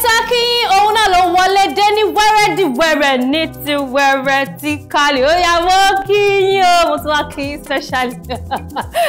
talking èdè ní wẹ́rẹ́ di wẹ́rẹ́ ní ti wẹ́rẹ́ ti kalẹ̀ ó yá mo kí yín o mo tún wá kí yín specially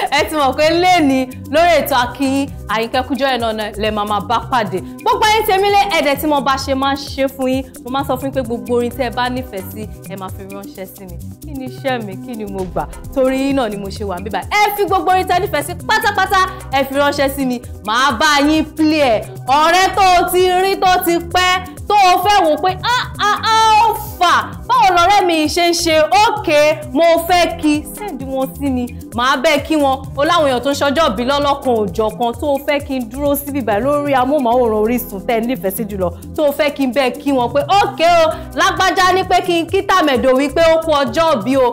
ẹ ti mọ̀ pé lẹ́ni lórí ètò akíyín Àyìnkẹ́ Kújọ́rẹ̀ náà lẹ máa máa bá pàdé gbogbo ayé tèmílé ẹ̀dẹ̀ tí mo bá ṣe máa ń ṣe fún yín mo máa sọ fún yín pé gbogbo orin tẹ́ ẹ bá nífẹ̀ẹ́ sí ẹ máa fi ránṣẹ́ sí mi kí ni iṣẹ́ mi kí ni mo gbà torí yín náà ni mo ṣe wà níbà ẹ fi gbogbo orin tẹ́ nífẹ̀ẹ́ sí pátápátá ẹ fi ránṣẹ́ sí mi màá bá yín play ọ̀rẹ́ tó ti rí tó ti pẹ́ tó o fẹ́ wò pé alpha ah, ah, báwo lọ́rẹ́ mi ṣe ń ṣe ókè mo fẹ́ kí sẹ́ǹdì wọn sí mi màá bẹ́ẹ̀ kí wọn o láwọn èèyàn tó ń ṣọjọ́ bí lọ́lọ́kan òjọ̀ kan tó o fẹ́ kí n dúró síbi báyìí lórí amóhùnmáwòrán Orísun tẹ́ nífẹ̀ẹ́ sí jùlọ tó o fẹ́ kí n bẹ́ẹ̀ kí wọn pé ókè o lágbájá ní pé kí n kí tàmẹ̀dò wí pé ó kú ọjọ́ bí o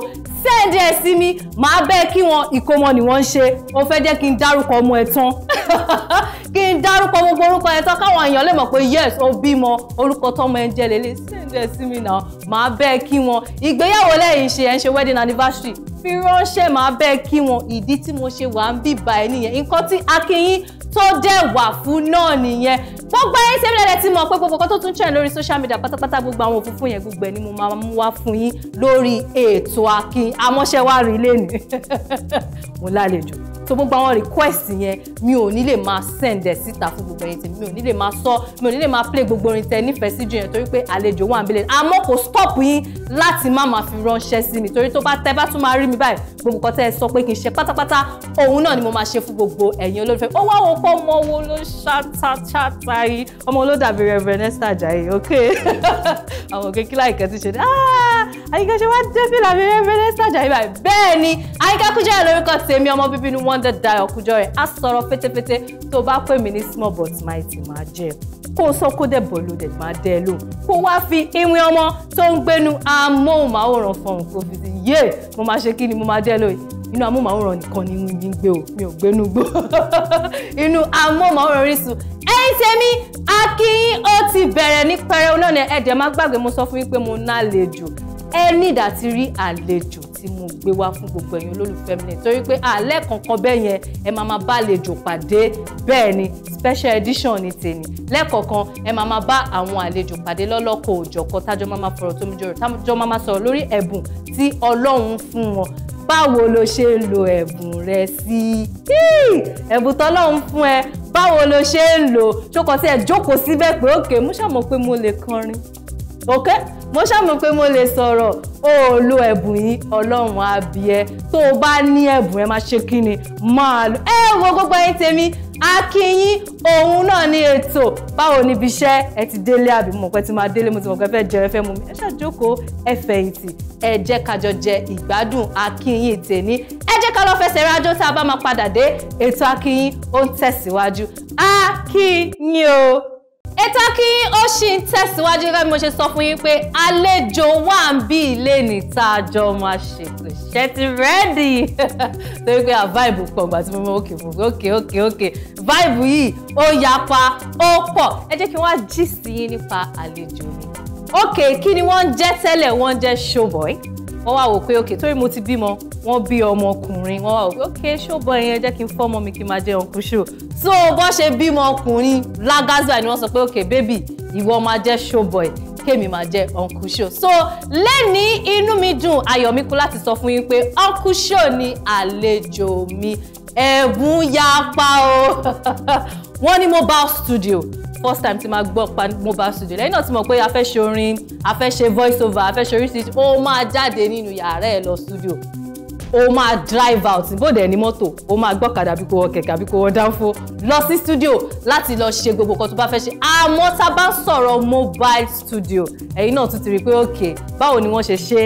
send ẹ̀ sí mi màá bẹ́ẹ̀ kí wọn ìkómọ ni wọ́n ń ṣe ó fẹ́ jẹ́ kí n dárúkọ ọmọ ẹ̀ tán kí n dárúkọ gbogbo orúkọ ẹ̀ tán káwọn èèyàn lè mọ̀ pé yes o bímọ orúkọ tọmọ ẹ̀ ń jẹ́ lélẹ̀ send ẹ̀ sí mi náà màá bẹ́ẹ̀ kí wọn ìgbéyàwó lẹ́yìn ṣe ẹ̀ ń ṣe wedding anniversary fi ránṣẹ́ màá bẹ́ẹ̀ kí wọn ìdí tí mo ṣe wà ń bíbá ẹ̀ nìyẹn nǹkan tí akínyín tó dẹ̀ wà fún náà nìyẹn gbogbo ayé ṣe mílẹ̀ tí mo pé gbogbo kan tó tún chẹ̀ lórí social media pátápátá gbogbo àwọn òfin fún yẹn gbogbo ẹ̀ ni mo máa mú wá fún yín lórí ètò Akin àmọ́ṣẹ́ lẹ́nu mo lálejò so gbogbo àwọn request yẹn mi ò ní lè máa send ẹ̀ síta fún gbogbo ẹ̀yin tèmi mi ò ní lè máa sọ mi ò ní lè máa play gbogbo orin tẹ nífẹ̀ẹ́ sí jù yẹn torí pé àlejò wà níbílẹ̀ àmọ́ kò stop yín láti má máa fi ránṣẹ́ sí mi torí tó bá tẹ bá tún máa rí mi báyìí gbogbo nǹkan tẹ́ ẹ sọ pé kì í ṣe pátápátá òun náà ni mo máa ṣe fún gbogbo ẹ̀yin olólùfẹ́ ó wá wo pọ́ ọmọ wo ló ṣàtàtà yìí ọmọ olódàbí rẹ̀ Vanessa Ajayi ok àwọn òkè kíláì kẹ́ ti ṣe dé ah àyíká ṣe wá dé fìlà abẹ́rẹ́ fẹ́lẹ́ sàjà ibà bẹ́ẹ̀ ni àyíká Kújọrẹ̀ lórúkọ tèmi ọmọ bíbí inú wonder dial Kújọrẹ̀ á sọ̀rọ̀ fetefete tó o bá pè mí ní small but mighty máa jẹ́ kó o sọ kó dẹ̀ bọ̀ ló dẹ̀ máa dẹ́ lò kó wá fi ìwìn ọmọ tó ń gbénu amóhùnmáwòrán fọhùn kó fi ti yé mo máa ṣe kí ni mo máa dẹ́ lò inú amóhùnmáwòrán nìkan ni mi ń gbé o mi ò gbénu gbó inú amóhùnmáwòrán Orísun ẹ̀yin tèmi akínyìn ó ti bẹ̀rẹ̀ ní pẹrẹ onáà ẹ̀dẹ̀ má gbàgbé mo sọ fún yín pé mo ná àlejò ẹ ní ìdásí rí àlejò tí mo gbé wá fún gbogbo ẹ̀yin olólùfẹ́ mi nítorí pé àlẹ́ kankan bẹ́ẹ̀ yẹn ẹ máa máa bá àlejò pàdé bẹ́ẹ̀ ni special edition ni tèmi lẹ́ẹ̀kọ̀kan ẹ máa máa bá àwọn àlejò pàdé lọ́lọ́kọ̀ òjọ̀kọ̀ tájọ́ máa máa fọ̀rọ̀ mi jọ̀rọ̀ tájọ́ máa máa sọ̀rọ̀ lórí ẹ̀bùn tí Ọlọ́run fún wọn báwo lo ṣe ń lo ẹ̀bùn rẹ sí ẹ̀bùn tọ́lọ́run fún ẹ báwo lo ṣe ń lò ṣókọ sí ẹ jókòó síbẹ̀ pé òkè mú ṣàmọ̀ pé mo lè kọrin ok mo ṣàmọ̀ pé mo lè sọ̀rọ̀ ó lo ẹ̀bùn yìí ọlọ́run á bí ẹ tó o bá ní ẹ̀bùn ẹ máa ṣe kí ni máa lò ẹ wo gbogbo ẹ̀yin tèmi akínyín òun náà ní ètò báwo níbi iṣẹ́ ẹ ti délé àbí mo pẹ́ ti máa délé mo ti mọ̀ pé fẹ́ jẹun ẹ fẹ́ mu mi ẹ ṣàjókòó ẹ ẹ jẹ́ ká jẹ ìgbádùn akínyín tèmi ẹ jẹ́ ká lọ fẹsẹ̀ rájò tá a bá máa padà dé ètò akínyín ó ń tẹ̀síwájú akínyín o ètò kí ó ṣì ń tẹ̀síwájú gẹ́gẹ́ bí mo ṣe sọ fún yín pé àlejò wà ń bí ilé níta àjọ máa ṣètò iṣẹ́ ti rẹ́ẹ̀dì torí pé à vibe pọ̀ gbà tí mo mọ òkè fún òkè òkè òkè vibe yìí ó yapa ó pọ̀ ẹ jẹ́ kí wọ́n á jí sí yín nípa àlejò mi òkè kí ni wọ́n ń jẹ́ tẹ́lẹ̀ wọ́n ń jẹ́ showboy wọ́n wá wò pé ok torí mo ti bímọ wọ́n bí ọmọ ọkùnrin wọ́n wá wò pé ok ṣó bọ jẹ́ kí n fọ́ ọmọ mi kí n máa jẹ́ ọkùnrin ṣó so bọ́ ṣe bímọ ọkùnrin lágázà ni wọ́n sọ pé ok bébì ìwọ máa jẹ́ ṣó ẹ̀ kémi máa jẹ́ uncle show so lẹ́ni inú mi dùn ayọ̀ mi kú láti sọ fún yín pé uncle show ni àlejò mi ẹ̀bùn yapa o wọ́n ní mobile studio first time tí máa gbọ́ pa mobile studio lẹ́yìn náà ti mọ̀ pé a fẹ́ ṣe orin a fẹ́ ṣe voice over a fẹ́ ṣe oríṣiríṣi ó máa jáde nínú yàrá ẹ̀ lọ studio ó máa drive out bóde ní mọ́tò ó máa gbọ́kadà bí kò wọ kẹ̀kẹ́ àbí kò wọ dánfó lọ sí studio láti lọ ṣe gbogbo nǹkan tó bá fẹ́ ṣe àmọ́ tá a bá sọ̀rọ̀ mobile studio ẹ̀yin náà tún ti rí i pé okay báwo ni wọ́n ṣe ṣe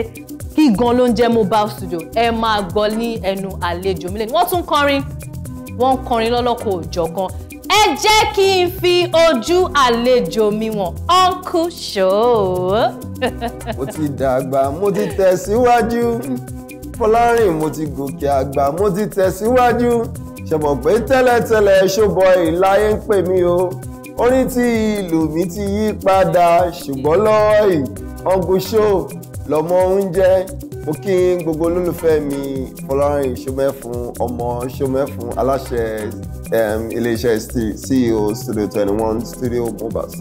kí gan ló ń jẹ́ mobile studio ẹ máa gbọ́ ní ẹnu àlejò mi wọ́n tún kọrin wọ́n kọrin lọ́lọ́kọ̀ òjọ̀kan ẹ jẹ́ kí n fi ojú àlejò mi wọ̀n uncle show. mo ti dàgbà mo ti tẹ̀síwájú fọlárìn mo ti gòkè àgbà mo ti tẹ̀síwájú ṣẹ̀mọ̀ pé tẹ́lẹ̀tẹ́lẹ̀ showboy láyé ń pè mí o orin tí ìlú mi ti yí padà ṣùgbọ́n lọ́wọ́ yìí uncle show lọ́mọ oúnjẹ mo kí gbogbo olólùfẹ́ mi fọlárìn ṣọmẹ́fún ọmọ ṣọmẹ́fún aláṣẹ um, iléeṣẹ́ CEO studio twenty one studio mobiles.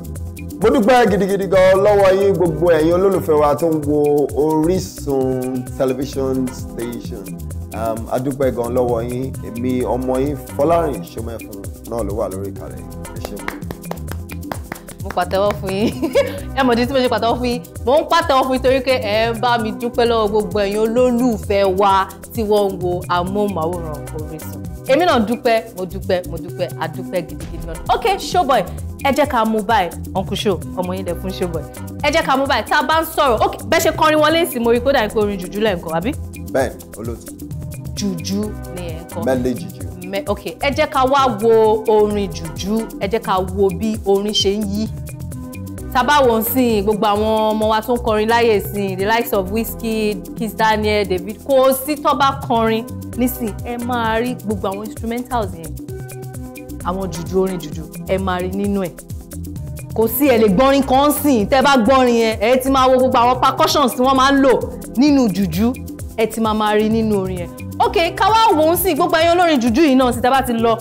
mo dúpẹ́ gidigidi gan lọ́wọ́ yín gbogbo ẹ̀yin olólùfẹ́ wa tó ń wo Orísun television station um, a dúpẹ́ gan lọ́wọ́ yín èmi ọmọ yín Fọlárìn Ṣọmẹ́fun náà ló wà lórí ìkàlẹ̀ ẹ ṣeun. mo pàtẹ́wọ́ fún yín ẹ mọ̀ títí mo ṣe pàtẹ́wọ́ fún yín mo ń pàtẹ́wọ́ fún yín torí pé ẹ bá mi dúpẹ́ lọ́wọ́ gbogbo ẹ̀yin olólùfẹ́ wa tí wọ́n ń wo amóhùnmáwòrán Orísun èmi náà dúpẹ́ mo dúpẹ́ mo dúpẹ́ àdúpẹ́ gidigidi náà ok showboy ẹ jẹ́ ká mú báyìí uncle ọmọ yín dẹ̀ fún showboy ẹ jẹ́ ká mú báyìí tá a bá ń sọ̀rọ̀ ok bẹ́ẹ̀ ṣe kọrin wọlé ìsìn mo rí kó dàbí pé orin jùjú lẹ́ǹkan àbí. bẹ́ẹ̀ olóòtú. jùjú ni ẹ kọ. mẹ́lẹ̀ jùjú. ok ẹ jẹ́ ká wá wo orin jùjú ẹ jẹ́ ká wo bí orin ṣe ń yí tábàwò ń sìn gbogbo àwọn ọmọ wa tó ń kọrin láyè sìn the likes of Wizkid Kiss Daniel David kò sí tó bá kọrin nísìn ẹ máa rí gbogbo àwọn instrumentals yẹn àwọn jùjú orin jùjú ẹ máa rí nínú ẹ̀ kò sí ẹ lè gbọ́rin kan sìn tẹ́ bá gbọ́rin yẹn ẹ ti máa wo gbogbo àwọn percussions tí wọ́n máa ń lò nínú jùjú ẹ ti máa máa rí nínú orin yẹn ok káwá wò ó sìn gbogbo ẹ̀yin olórin jùjú yìí náà sí tẹ́ bá ti lọ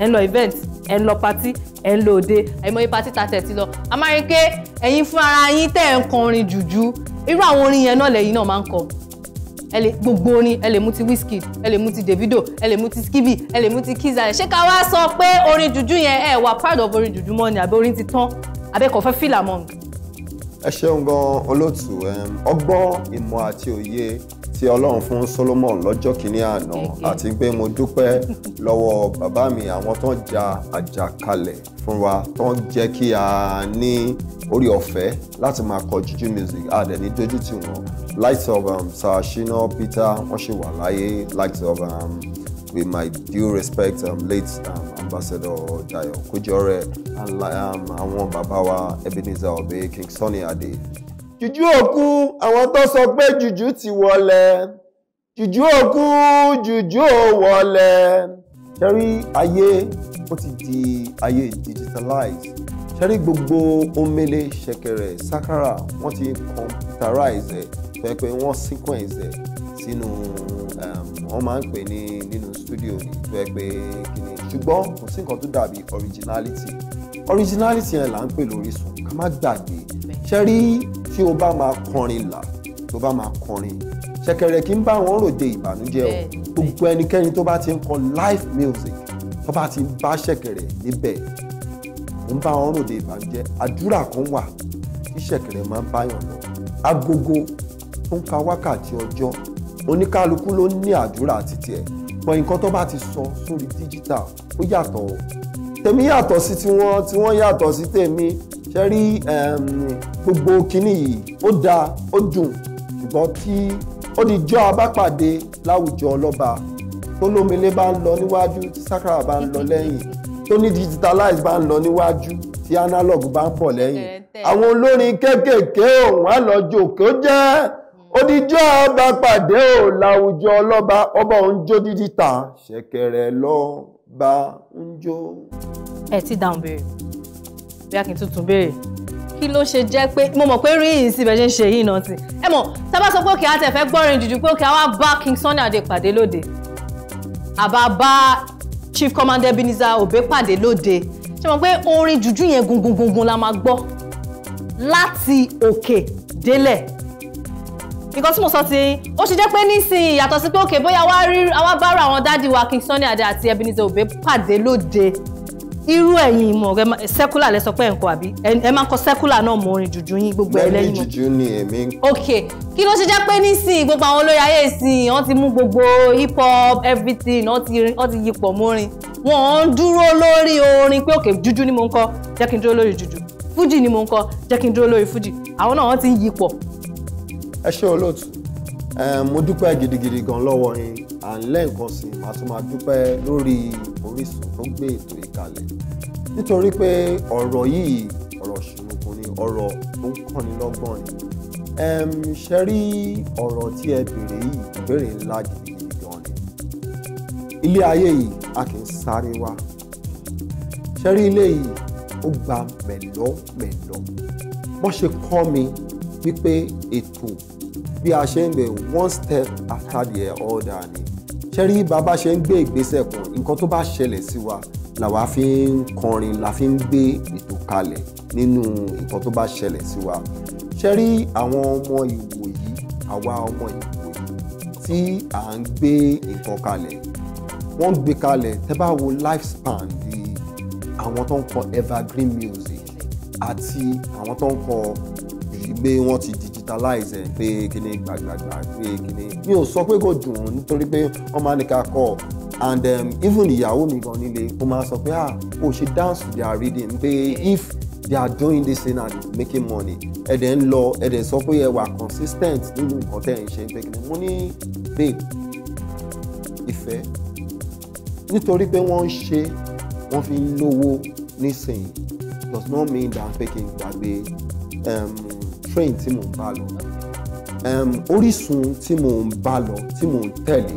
ẹ ń lọ event ẹ ń lọ party ẹ̀ ń lo òde àìmọye patí ta tẹ̀ ti lọ a máa rí i pé ẹ̀yin fún ara yín tẹ̀ ń kọrin jùjú irú àwọn orin yẹn náà lẹ́yìn náà máa ń kọ ẹ lè gbogbo orin ẹ lè mú ti Wizkid ẹ lè mú ti Davido ẹ lè mú ti Skibi ẹ lè mú ti Kiza ṣé ká wá sọ pé orin jùjú yẹn ẹ wà proud of orin jùjú mọ́ ni àbí orin ti tán àbẹ́kọ̀ fẹ́ feel among. ẹ ṣeun gan olóòtú ọgbọ́n ìmọ̀ àti òye tí ọlọ́run fún Solomon lọ́jọ́ kìíní àná àti pé mo dúpẹ́ lọ́wọ́ bàbá mi àwọn tó ń ja àjàkálẹ̀ fún wa tó ń jẹ́ kí a ní orí ọ̀fẹ́ láti máa kọ jùjú music a dẹ̀ ní dojú tì wọ́n likes of um, Sir Shina Peter wọ́n ṣì wà láyé likes of um, with my due respect um, late um, ambassador Dayo Kujore and um, àwọn bàbá wa Ebenezer Obey King Sunny Ade jùjú òkú àwọn tó sọ pé jùjú ti wọlé jùjú òkú jùjú ò wọlé ṣẹ́rí ayé ó ti di ayé digitalize ṣẹ́rí gbogbo omele ṣẹ̀kẹ̀rẹ̀ sakara wọ́n ti computerize ẹ̀ fẹ́ pé wọ́n sequence ẹ̀ sínú um, wọ́n máa ń pè ní nínú studio ní fẹ́ pé kìíní ṣùgbọ́n kò sí nǹkan tó dàbí originality originality yẹn là ń pè lórí sùn ká má gbàgbé ṣe rí tí o bá máa kọrin là tó bá máa kọrin ṣẹ̀kẹ̀rẹ̀ kì í bá wọn ròde ìbànújẹ́ o gbogbo ẹnikẹ́ni tó bá ti ń kọ live music tó bá ti ń bá ṣẹ̀kẹ̀rẹ̀ níbẹ̀ ń bá wọn ròde ìbànújẹ́ àdúrà kan wà tí ṣẹ̀kẹ̀rẹ̀ máa ń báyàn lọ agogo tó ń ka wákàtí ọjọ́ oníkálukú ló ní àdúrà títí ẹ̀ pọ̀ nǹkan tó bá ti sọ sórí díjítà ó yàtọ̀ tèmi yàtọ̀ sí tiwọn tiwọn yàtọ̀ sí tèmi ṣe rí gbogbo kinní yìí ó dáa ó dùn ṣùgbọ́n tí ó di jọ́ abápàdé láwùjọ ọlọ́ba tólómele bá ń lọ níwájú tí sakara bá ń lọ lẹ́yìn tó ní digitalize bá ń lọ níwájú tí analog bá ń bọ̀ lẹ́yìn àwọn olórin kéékèèké òun á lọ jòkó jẹ́ odijọ́ hmm. ọba pàdé ò láwùjọ ọlọ́ba ọba òun jó dídí ta ṣẹ̀kẹ̀rẹ̀ lọ́ba ń jó. ẹ ti dáhùn béèrè bí akin tuntun béèrè kí ló ṣe jẹ́ pé mo mọ̀ pé rí yìí sí bẹ́ẹ̀ ṣe ń ṣe yìí náà tì ẹ mọ̀ sábà sọ pé òkè àtẹ̀ fẹ́ gbọ́rin jùjú pé òkè àwa bá King Sunny Adé pàdé lóde àbá bá Chief Commander Ebenezer Obey pàdé lóde ṣe mọ̀ pé orin jùjú yẹn gungungungun la máa gbọ́ láti òkè délẹ̀ nǹkan tí mo sọ ti ó ṣe jẹ́ pé nísìnyí yàtọ̀ sí pé òkè bóyá àwa bá rà àwọn dáàdi wa King Sunny Adé àti Ebenezer Obey pàdé lóde irú ẹ̀yin ìmọ̀ rẹ secular lẹ sọ pé nǹkan àbí ẹ máa ń kọ secular náà mọ orin jùjú yín gbogbo ẹ lẹ́yìn mọ́. jùjú ni èmi. ok kí ló ṣe jẹ́ pé nísìnyí gbogbo àwọn olóyè ayé ìsìn wọ́n ti mú gbogbo hip hop everything wọ́n ti yípọ̀ mọ́rin wọ́n ń dúró lórí orin pé òkè jùjú ni mo ń kọ jẹ́ kí n dúró lórí jùjú fújì ni mo ń kọ jẹ́ kí n dúró lórí fújì àwọn náà wọ́n ti ń yípọ̀. ẹ ṣé olóòtú mo dúpẹ́ gidigidi gan lọ́wọ́ yín à ń lẹ́ nǹkan I, màá tún máa dúpẹ́ lórí Orísun tó gbé ètò yìí kalẹ̀ nítorí pé ọ̀rọ̀ yìí ọ̀rọ̀ ṣùnùkùn ni ọ̀rọ̀ tó ń kọ́ni lọ́gbọ́n ni ṣe rí ọ̀rọ̀ tí ẹ béèrè yìí ìbéèrè ńlá gidigidi gan ni ilé ayé yìí a kì í sáré wá ṣe rí ilé yìí ó gba mẹ̀lọ́mẹ̀lọ́ wọ́n ṣe kọ́ mi wípé ètò bí a ṣe ń bẹ̀ one step after the other ni ṣe rí bàbá ṣe ń gbé ìgbésẹ̀ kan nǹkan tó bá ṣẹlẹ̀ sí wa làwa fi ń kọrin la fi ń gbé ètò kalẹ̀ nínú nǹkan tó bá ṣẹlẹ̀ sí wa ṣe rí àwọn ọmọ ìwò yìí àwa ọmọ ìwò yìí tí à ń gbé nǹkan kalẹ̀ wọ́n gbé kalẹ̀ tẹ́ bá wo life span di àwọn tó ń kọ evergreen music àti àwọn tó ń kọ gbé wọn ti di capitalize ẹ̀ pé kíní gbàgbàgbà pé kíní mi ò sọ pé kò dùn ún nítorí pé wọ́n máa ní ká kọ́ and um, even ìyàwó mi gan nílé ó máa sọ pé ah o ṣe dance to their reading. pé if they are doing this thing and making money ẹ dẹ̀ ń lọ ẹ dẹ̀ sọ pé ẹ wà consistent nínú nǹkan tẹ̀ ń ṣe ń pẹ́kìlẹ̀ mo ní babe ìfẹ́ nítorí pé wọ́n ń ṣe wọ́n fi ń lówó nísìnyí does not mean that pé kí n gbàgbé um, train tí mò ń bá lọ um, orísun tí mò ń bá lọ tí mò ń tẹ̀lé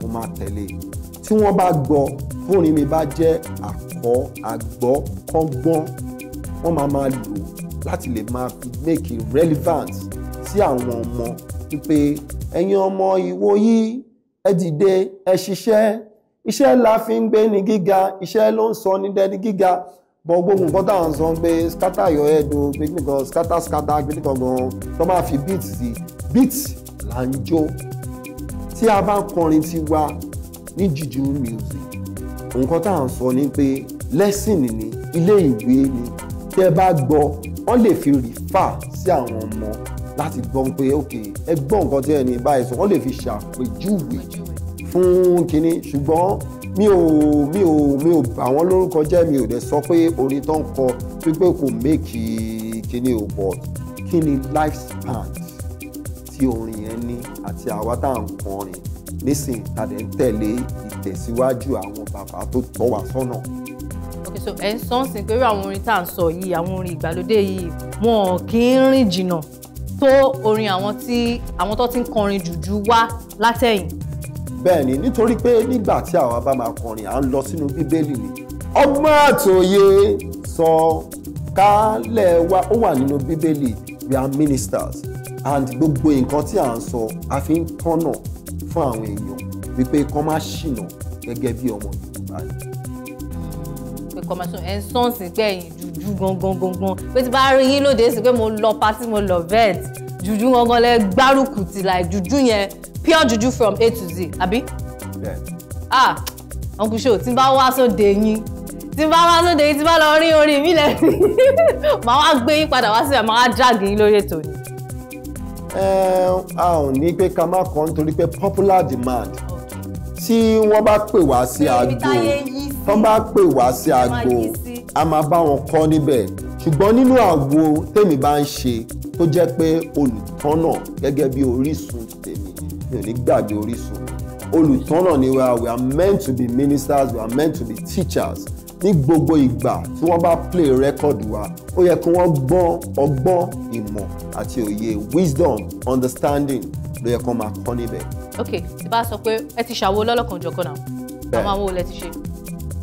mo máa tẹ̀lé tí wọ́n bá gbọ́ fóònù mi bá jẹ́ àkọ́ àgbọ́ kọ́gbọ́n wọ́n máa máa lò láti lè máa fi make it relevant sí àwọn ọmọ wípé ẹ̀yin ọmọ ìwò yìí ẹ dìde ẹ ṣiṣẹ́ iṣẹ́ la fi ń gbé ní gíga iṣẹ́ ló ń sọ ní dẹni gíga bọ gbogbo nǹkan táwọn sọ pé scatter your head o pé nìkan scatter scatter pé nìkan gan tó máa fi beat sí beat là ń jó tí a bá kọrin ti wa ní jùjú music nǹkan táwọn sọ ni pé lesson ni ilé ìwé ni tẹ́ bá gbọ́ wọ́n lè fi rìfà sí àwọn ọmọ láti gbọ́ pé ok ẹ gbọ́ nǹkan tí ẹni báyìí sọ wọ́n lè fi ṣàpèjúwe fún kínní ṣùgbọ́n mi ò mi ò mi ò bà wọ́n lórúkọ jẹ́ mi ò dẹ̀ sọ pé orin tó ń kọ wípé kò méèkì kíní o but kí life span tí orin yẹn ní àti àwa tá à ń kọrin nísìnyí tàdé ń tẹ̀lé ìtẹ̀síwájú àwọn bàbá tó tọ́ wa sọ́nà. ok so ẹ ń sọ ń sìn pé àwọn orin tá à ń sọ yìí àwọn orin ìgbàlódé yìí wọn kì í rìn jìnnà tó orin àwọn tí àwọn tó ti ń kọrin jùjú wá látẹ̀yìn bẹ́ẹ̀ ni nítorí pé nígbà tí àwa bá máa kọrin à ń lọ sínú bíbélì ni ọgbọ́n àtòyé sọ kálẹ̀ wa ó wà nínú bíbélì we are ministers and gbogbo nǹkan tí à ń sọ a fi ń tọ́nà fún àwọn èèyàn wípé kán má ṣìnà gẹ́gẹ́ bí ọmọ Yorùbá ni commercial ẹ̀ ń sàn sí pé ẹ̀yìn jùjú gangan gangan pé tí bá rí yín lóde sí pé mo lọ patí mo lọ vet jùjú gangan lẹ gbárùkù tì láì jùjú yẹn pure juju from a to z Abi. Yeah. ah uncle show tí n bá wá sóde yín tí n bá wá sóde yín tí n bá lọ rí orin mi lẹ màá wá gbé yín padà wá síbẹ̀ màá wá drag yín lórí ètò ni. a ò ní pé ká má kọ́ nítorí pé popular demand tí wọ́n bá pè wá sí àgbo wọ́n bá pè wá sí àgbo a máa bá wọn kọ́ níbẹ̀ ṣùgbọ́n nínú àwo tèmi bá ń ṣe tó jẹ́ pé olùtọ́nà gẹ́gẹ́ bí orísun mi ò ní gbàgbé Orísun olùtọ́nà ni wa we are meant to be ministers we are meant to be teachers ní gbogbo ìgbà tí wọ́n bá play record wa ó yẹ kí wọ́n gbọ́n ọgbọ́n ìmọ̀ àti òye wisdom understanding ló yẹ kí wọ́n máa kọ́ níbẹ̀. ok tí bá sọ pé ẹ ti ṣàwo lọ́lọ́kanjọ̀kan náà àwọn àwọn olè ti ṣe.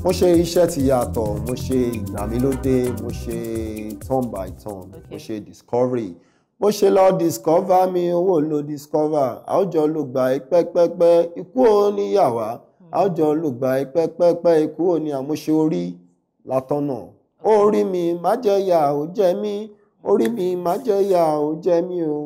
mo ṣe iṣẹ́ ti yàtọ̀ mo ṣe ìgbàmílódé mo ṣe turn by turn okay. mo ṣe discovery bó ṣe lọ discover mi owó lo discover àwùjọ ló gbà ẹ pẹ́pẹ́pẹ́ ikú ò níyàwá àwùjọ ló gbà ẹ pẹ́pẹ́pẹ́ ikú ò ní àmúṣe orí látọ̀nà orí mi má jẹ́ yà ó jẹ́ mí orí mi má jẹ́ yà ó jẹ́ mí o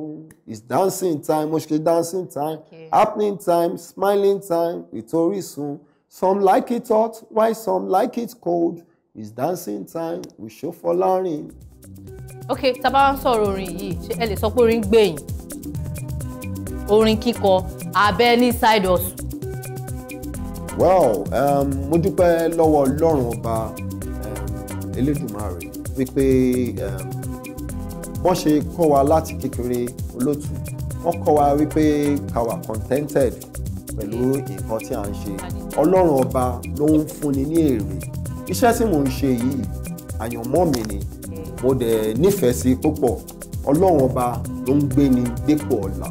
it's dancing time mo dancing time okay. happening time smiling time with Orísun some like it hot while some like it cold it's dancing time We show for Ṣọ̀fọ̀lárìn ok tá a bá ń sọ̀rọ̀ orin yìí ṣé ẹ lè sọ pé orin gbẹ̀yìn orin kíkọ abẹ́ ní side hustle. well um, mo dúpẹ́ lọ́wọ́ ọlọ́run ọba um, elédùmarè wípé um, wọ́n ṣe kọ́ wa láti kékeré olótù wọ́n kọ́ wa wípé ká wà contented pẹ̀lú nǹkan tí a ń ṣe ọlọ́run ọba ló ń fúnni ní èrè iṣẹ́ tí mò ń ṣe yìí àyànmọ́ mi ni mo dẹ̀ nífẹ̀ẹ́ sí púpọ̀ ọlọ́run ọba ló ń gbé ni dépò ọ̀la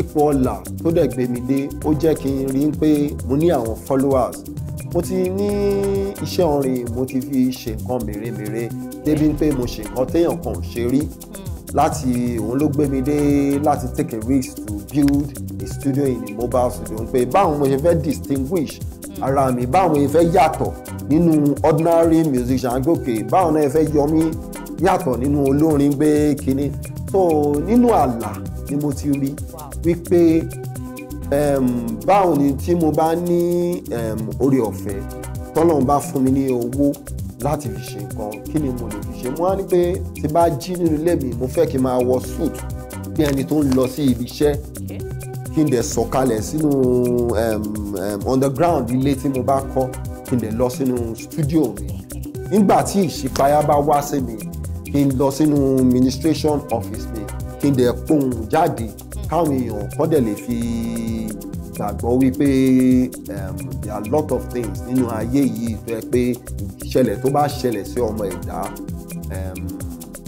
ipò ọ̀la tó dẹ̀ gbé mi dé ó jẹ́ kí n rí pé mo ní àwọn followers mo ti ní iṣẹ́ orin mo ti fi ṣe nǹkan mèremère débi pé mo ṣe nǹkan téèyàn kan ò ṣe rí hmm. láti òun ló gbé mi dé láti take a risk to build a studio in a mobile studio pé báwọn mo ṣe fẹ́ distinguish hmm. ara mi báwọn ẹ fẹ́ yàtọ̀ nínú ordinary musician gòkè báwọn náà ẹ fẹ́ yọ mí yàtọ̀ nínú olórin gbé kínní so nínú àlà ni mo ti rí wípé báwo ni tí mo bá ní oore ọ̀fẹ́ tọ́lọ́run bá fún mi ní owó láti fi ṣe nǹkan kí ni mo lè fi ṣe mo wá ní pé tí bá jí nínú ilé mi mo fẹ́ kí n máa wọ suit bí ẹni tó ń lọ sí ibi iṣẹ́ kí n dẹ̀ sọ̀kalẹ̀ sínú underground ilé tí mo bá kọ́ kí n dẹ̀ lọ sínú studio mi nígbà tí ìṣípayá bá wá sí mi kí n lọ sínú ministration office mi kí n dẹ̀ pohùn jáde káwọn èèyàn kọ́ dẹ̀ lè fi gbàgbọ́ wípé ehm, there are lot of things nínú ayé yìí tó yẹ pé ìṣẹ̀lẹ̀ tó bá ṣẹlẹ̀ sí ọmọ ẹ̀dá ehm,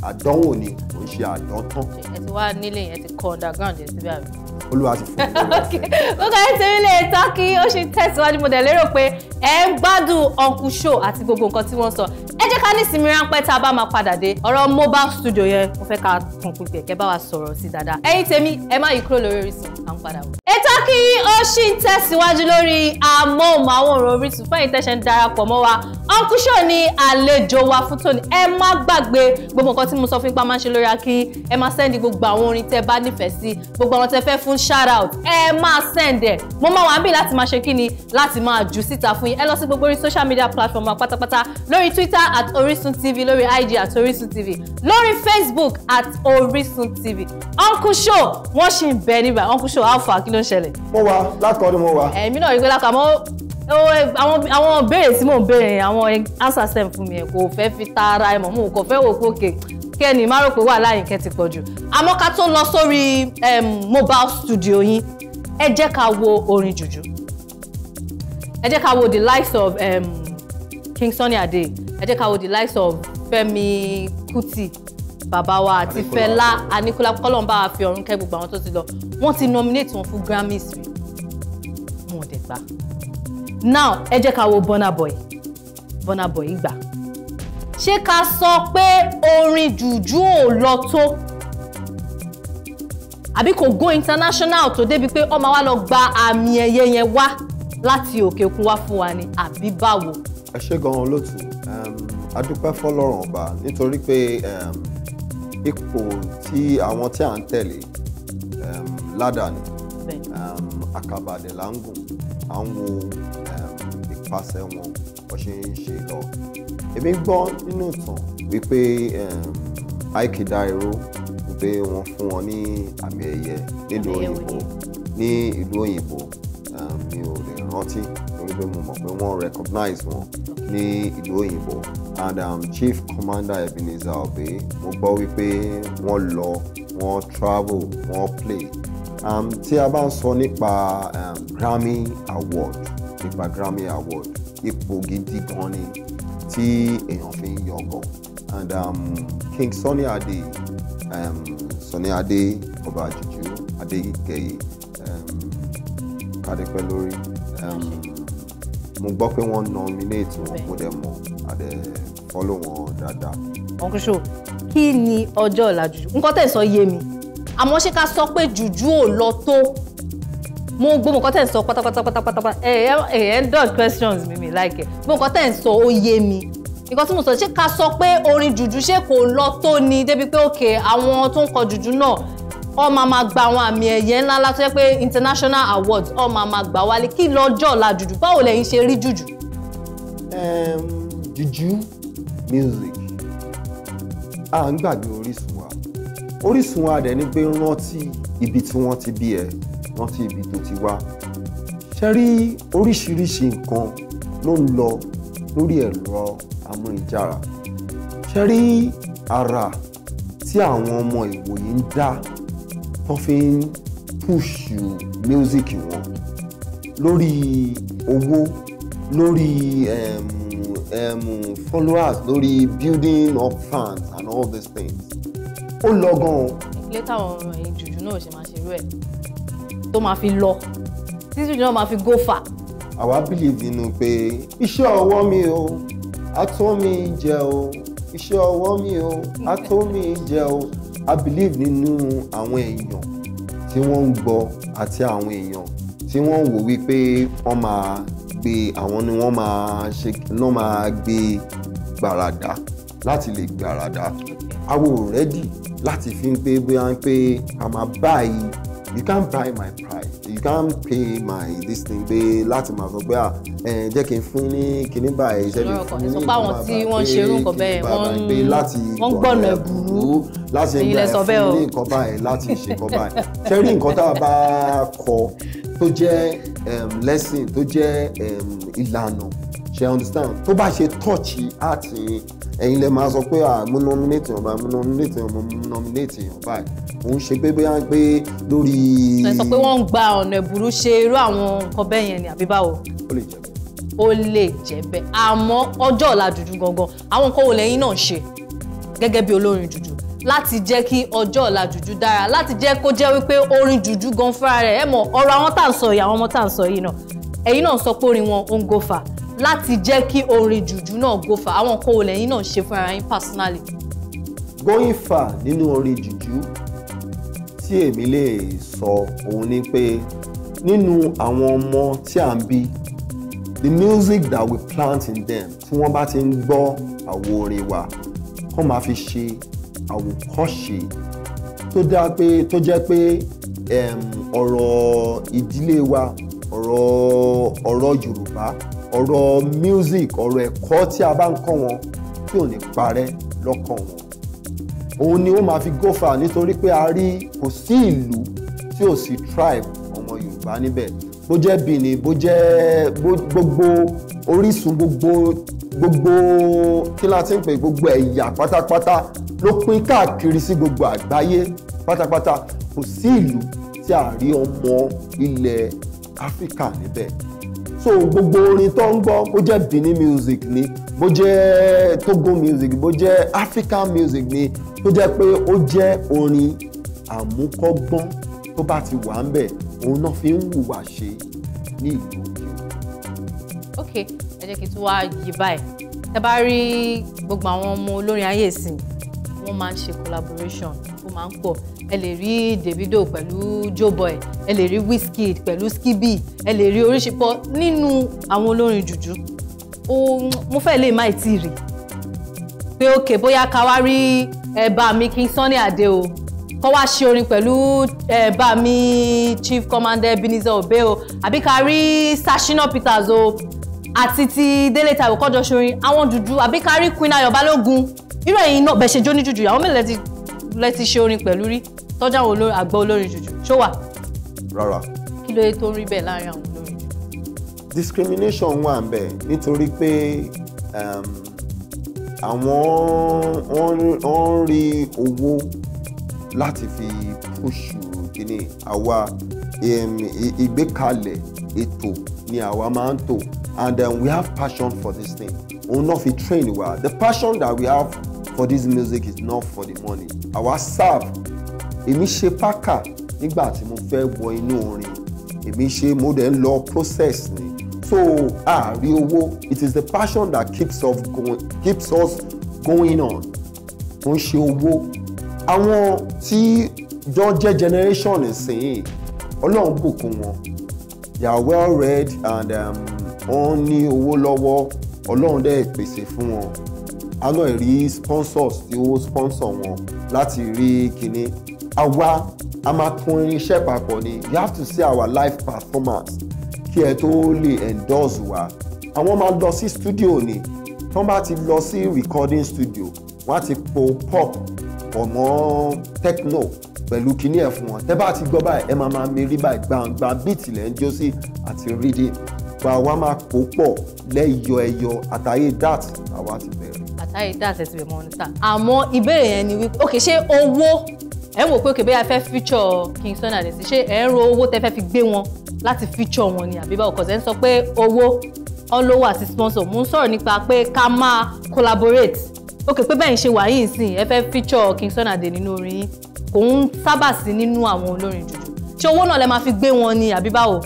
àdánwò ni kò ń ṣe àdántán. ẹ ti wá nílé yẹn ti kọ underground yẹn síbẹ̀ àbí. olúwa ti fún mi. ó kàn ń tẹ̀lé tọ́kì ó ṣe tẹ̀síwájú mo dẹ̀ lérò pé ẹ ń gbádùn uncle show àti gbogbo nǹkan tí wọ́n sọ ẹ jẹ́ ká ní ìsinmi ráńpẹ́ tá a bá máa padà dé ọ̀rọ̀ mobile studio yẹn mo fẹ́ ká tún pípẹ́ kẹ́ bá wa sọ̀rọ̀ sí dáadáa ẹ̀yin tèmi ẹ má yí kúrò lórí Orísun à ń padà wọ̀ kí ó ṣì ń tẹ̀síwájú lórí amóhùnmáwòrán Orísun fún ìtẹ̀sẹ̀ ń darapọ̀ mọ́ wa Uncle Show ni àlejò wa fún tòní ẹ má gbàgbé gbogbo nǹkan tí mo sọ fún ipa máa ń ṣe lórí akí ẹ máa sẹ́ndì gbogbo àwọn orin tẹ bá nífẹ̀ẹ́ sí gbogbo àwọn tẹ fẹ́ fún shout out ẹ máa sẹ́ndì ẹ̀ mo máa wà ń bì láti máa ṣe kí ni láti máa jù síta fún yín ẹ lọ sí gbogbo orí social media platform wa pátápátá lórí Twitter at Orisun TV lórí IG at Orisun TV lórí Facebook at Orisun TV Uncle Show wọ́n ṣì ń bẹ níbà Uncle Show alpha kí ló ń ṣẹlẹ̀ ṣẹlẹ̀. mo wà lákọ̀ọ́ ni mo wà. èmi náà rí pé lákọ̀ọ́ àmọ́ àwọn àwọn béèrè tí mò ń béèrè àwọn answer stem fún mi ẹ kò fẹ́ fi tààrà ẹ mọ̀ mo kò fẹ́ wò pé òkè kẹ́ni má rò pé wà láyìn kẹ́ ti pọ̀ jù àmọ́ ká tó lọ sórí mobile studio yín ẹ jẹ́ ká wo orin jùjú ẹ jẹ́ ká wo the likes of um, King Sunny Ade ẹ jẹ́ ká wo the likes of Femi Kuti bàbá wa àti Fẹlá Aníkúlápó kọ́lọ́n bá wa fi ọ̀run kẹ́ gbogbo àwọn tó ti lọ wọ́n ti nominate wọn fún Grammys rí wọn ò dẹ̀ gbà now ẹ jẹ́ ká wo Burna Boy Burna Boy gbà ṣé ká sọ pé orin jùjú ò lọ tó àbí kò go international tó débi pé ọmọ wa lọ gba àmì ẹ̀yẹ yẹn wá láti òkè òkun wá fún wa ni àbí báwo. ẹ ṣé gan-an olóòtú a dúpẹ́ ọba nítorí pé ipò tí àwọn tí à ń tẹ̀lé um, ládàá ni um, àkàbàdẹ̀ là ń gùn à ń wo um, ìpasẹ̀ wọn bó ṣe ń ṣe lọ. èmi gbọ́ nínú ìtàn wípé aikida ero pé wọ́n fún wọn ní àmì ẹ̀yẹ nílùú òyìnbó ní ìlú òyìnbó mi ò lè rántí torí pé mo mọ̀ pé wọ́n recognize wọn ní ìlú òyìnbó and um, Chief Commander Ebenezer Obey mo gbọ́ wípé wọ́n lọ wọ́n travel wọ́n play um, tí a bá ń sọ nípa um, Grammy Award nípa Grammy Award ipò gidi gan ni tí èèyàn fi ń yọgọ and um, King Sunny Ade um, Sunny Ade ọba àjùjú Adéyíkẹyẹ um, kádépẹ́ lórí. Um, mo gbọ́ pé wọ́n nominate wọn mo dẹ̀ mọ̀ àdẹ̀ follow wọn dáadáa. uncle show kí ni ọjọ́ ọ̀la juju. nǹkan tẹ̀ sọ yé mi àmọ́ ṣé ká sọ pé jùjú ò lọ tó mo gbọ́ nǹkan tẹ̀ sọ pátápátá pátápátá ẹ ẹ questions mi mi like ẹ gbọ́ nǹkan tẹ̀ sọ ó yé mi nǹkan tí mo sọ ṣé ká sọ pé orin jùjú ṣé kò lọ tó ni débi pé òkè àwọn tó ń kọ jùjú náà ọ máa máa gba àwọn àmì ẹ̀yẹ ńlá ńlá tó yẹ pé international awards ọ máa máa gbà wálé kí lọ́jọ́ ọ̀la jùjú báwo lẹ́yìn ṣe rí jùjú. juju music A ń gbàgbé orísun wa orísun wa dẹ̀ ni pé rántí ibi tí wọ́n ti bí ẹ rántí ibi tó ti wá ṣe rí oríṣiríṣi nǹkan ló ń lọ lórí ẹ̀rọ amúnijára ṣe rí ara tí àwọn ọmọ ìwòye ń dá wọ́n fi ń pùṣù music wọn lórí owó lórí um, um, followers lórí building of fans and all these things ó lọ gan-an. ilé táwọn ọmọ yìí jùjú náà ṣe máa ṣe rú ẹ̀ tó máa fi lọ tí jùjú náà máa fi go far. àwa believe nínú pé iṣẹ́ ọwọ́ mi o atọ́ mi jẹ o iṣẹ́ ọwọ́ mi o atọ́ mi jẹ o I believe nínú àwọn èèyàn tí wọ́n ń gbọ́ àti àwọn èèyàn tí wọ́n ń wò wípé wọ́n máa gbé àwọn ni wọ́n máa ṣe lọ́ máa gbé gbàràdà láti lè gbàràdà àwọn ò rẹ́dì láti fi ń pé bóyá ń pé I'm a buy you can buy my pride scam pay my this thing pé láti máa sọ pé ah, ẹ jẹ́ kí n fún ní kíní báyìí iṣẹ́ lè fún ní ìgbà bá pé kíní báyìí pé láti gbọ̀nà ẹ̀bùrú láti ẹgbẹ́ fún ní nǹkan báyìí láti ṣe nǹkan báyìí ṣe rí nǹkan tá a bá kọ tó jẹ́ ehm, lesson tó jẹ́ ehm, ìlànà ṣe understand tó bá ṣe touch art yẹn ẹ̀yin lè máa sọ pé mo nominate ọba mo nominate ọmọ mo nominate ọba òun ṣe pé bóyá pé lórí. ẹ sọ pé wọ́n ń gba ọ̀nà ẹ̀bùrú ṣe irú àwọn nǹkan bẹ́ẹ̀ yẹn ni àbí báwo. ó lè jẹ́ bẹ́ẹ̀. ó lè jẹ́ bẹ́ẹ̀ àmọ́ ọjọ́ ọ̀la dúdú gangan àwọn nǹkan wo lẹ́yìn náà ṣe gẹ́gẹ́ bí olórin dúdú láti jẹ́ kí ọjọ́ ọ̀la jùjú dára láti jẹ́ kó jẹ́ wípé orin jùjú gan fúnra rẹ̀ ẹ mọ̀ ọ̀rọ̀ àwọn tá à ń sọ yìí ọmọ tá à ń sọ yìí náà ẹ̀yin náà sọ pé orin wọn ò ń gòfà láti jẹ́ kí orin jùjú náà go far àwọn nǹkan olè yín náà ṣe fún ara yín personally. going far nínú orin jùjú tí èmi lè sọ òun ni pé nínú àwọn ọmọ tí à ń bí the music that we plant in them tí wọ́n bá ti ń gbọ́ àwo orin wa kọ́ máa fi ṣe àwòkọ́ṣe tó dáa pé tó jẹ́ pé ọ̀rọ̀ ìdílé wa ọ̀rọ̀ ọ̀rọ̀ Yorùbá ọ̀rọ̀ music ọ̀rọ̀ ẹ̀kọ́ tí a bá ń kọ́ wọn tí ò ní parẹ́ lọ́kàn wọn òun ni ó máa fi gófà nítorí pé a rí kò sí ìlú tí ò sí tribe ọmọ Yorùbá níbẹ̀ bó jẹ́ Benin bó jẹ́ gbogbo orísun gbogbo gbogbo kí la ti ń pè gbogbo ẹ̀yà pátápátá ló pín káàkiri sí gbogbo àgbáyé pátápátá kò sí ìlú tí a rí ọmọ ilẹ̀ Áfíríkà níbẹ̀ so gbogbo orin tó ń gbọ́ bó jẹ́ Benin music ni bó jẹ́ Togo music bó jẹ́ African music ni tó jẹ́ pé ó jẹ́ orin àmúkọ́gbọ́n tó bá ti wà ń bẹ̀ òun náà fi ń hùwà ṣe ní ìlú òkè. ok ẹ jẹ́ kí n tún wá yí báyìí tẹ́ bá rí gbogbo àwọn ọmọ olórin ayé ìsìn máa ń ṣe collaboration ó máa ń pọ̀ ẹ lè rí Davido pẹ̀lú Joeboy ẹ lè rí Wizkid pẹ̀lú Skibi ẹ lè rí oríṣìípọ̀ nínú àwọn olórin jùjú mo fẹ́ lè má tí ì rí pé ok bóyá ká wá rí ẹ bá mi King Sunny Adé o kọ́ wá ṣe orin pẹ̀lú ẹ mi chief commander Ebenezer Obey o àbí ká rí Sashina Peters o àti ti Délé Táíwò kọ́jọ ṣe orin àwọn jùjú àbí ká rí Queen Ayọ̀ Balógun irú ẹ̀yin náà bẹ̀ ṣe jó ní jùjù àwọn mélòó lẹ ti ṣe orin pẹ̀lú rí tọ́jà àwọn olórin àgbà olórin jùjù ṣó wà. rárá. kí ló dé tó rí bẹ́ẹ̀ láàrin àwọn olórin jùjù. discrimination wà ń bẹ̀ nítorí pé um, àwọn ń rí owó láti fi púṣù kínní àwa ìgbékalẹ̀ ètò ni àwa máa ń tò and then we have passion for this thing òun náà fi train wa the passion that we have for this music is not for the money àwa serve èmi ṣe pákà nígbà tí mo fẹ́ wọ inú orin èmi ṣe mo dẹ̀ ń lọ process ni so àárí ah, owó it is the passion that keeps us going, keeps us going on kò ń ṣe owó àwọn tí jọ jẹ́ generation ìsìn ọlọ́run bùkún wọn they are well read and um, wọ́n ní owó lọ́wọ́ ọlọ́run dẹ̀ pèsè fún wọn a náà rí sponsors tí ó sponsor wọn láti rí kíní àwa a máa tún irinṣẹ́ papọ̀ ni you have to see our live performance kí ẹ tó lè endorse wa àwọn máa lọ sí studio ni tí wọ́n bá ti lọ sí recording studio wọ́n á ti po pop pọ̀ mọ́ techno pẹ̀lú kíní ẹ̀ fún wọn tẹ́ bá ti gbọ́ báyìí ẹ máa máa mérí báyìí gbangba bíìtì lẹ́ ń jó sí àti rídìí gba wa máa pò pọ̀ lẹ́yọ ẹyọ àtàyè dat àwa ti bẹ̀rẹ̀ láyé dá àṣẹsí rẹ̀ mọ́ ọ́n sá. àmọ́ ìbéèrè yẹn ni wípé ok ṣé owó ẹ ń wò pé ok bẹ́ẹ̀ a fẹ́ feature King Sunny Adé sí ṣé ẹ ń ro owó tẹ́ fẹ́ fi gbé wọn láti feature wọn ni àbí báwo kọ̀ sẹ́ ń sọ pé owó ọlọ́wọ́ àti sponsor mo ń sọ̀rọ̀ nípa pé ká máa collaborate ok pé bẹ́ẹ̀ ń ṣe wàyí nsìn ẹ fẹ́ feature King Sunny Adé nínú orin yín kò ń sábà sí nínú àwọn olórin jùjú ṣé owó náà lẹ máa fi gbé wọn ni àbí báwo.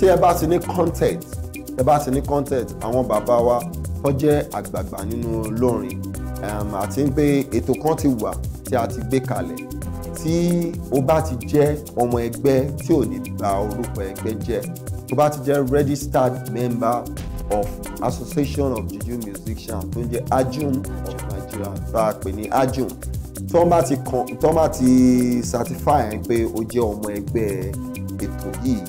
tí ẹ bá ti ní content ẹ bá ti ní content àwọn bàbá wa tó jẹ́ àgbààgbà nínú olórin àti pé ètò kan ti wà tí a ti gbé kalẹ̀ tí o bá ti jẹ́ ọmọ ẹgbẹ́ tí ò ní bà orúkọ ẹgbẹ́ jẹ́ tó bá ti jẹ́ registered member of association of juju musicians tó ń jẹ́ ajum of Nigeria tá a pè ní ajum tó bá ti certify pé o jẹ́ ọmọ ẹgbẹ́ ètò yìí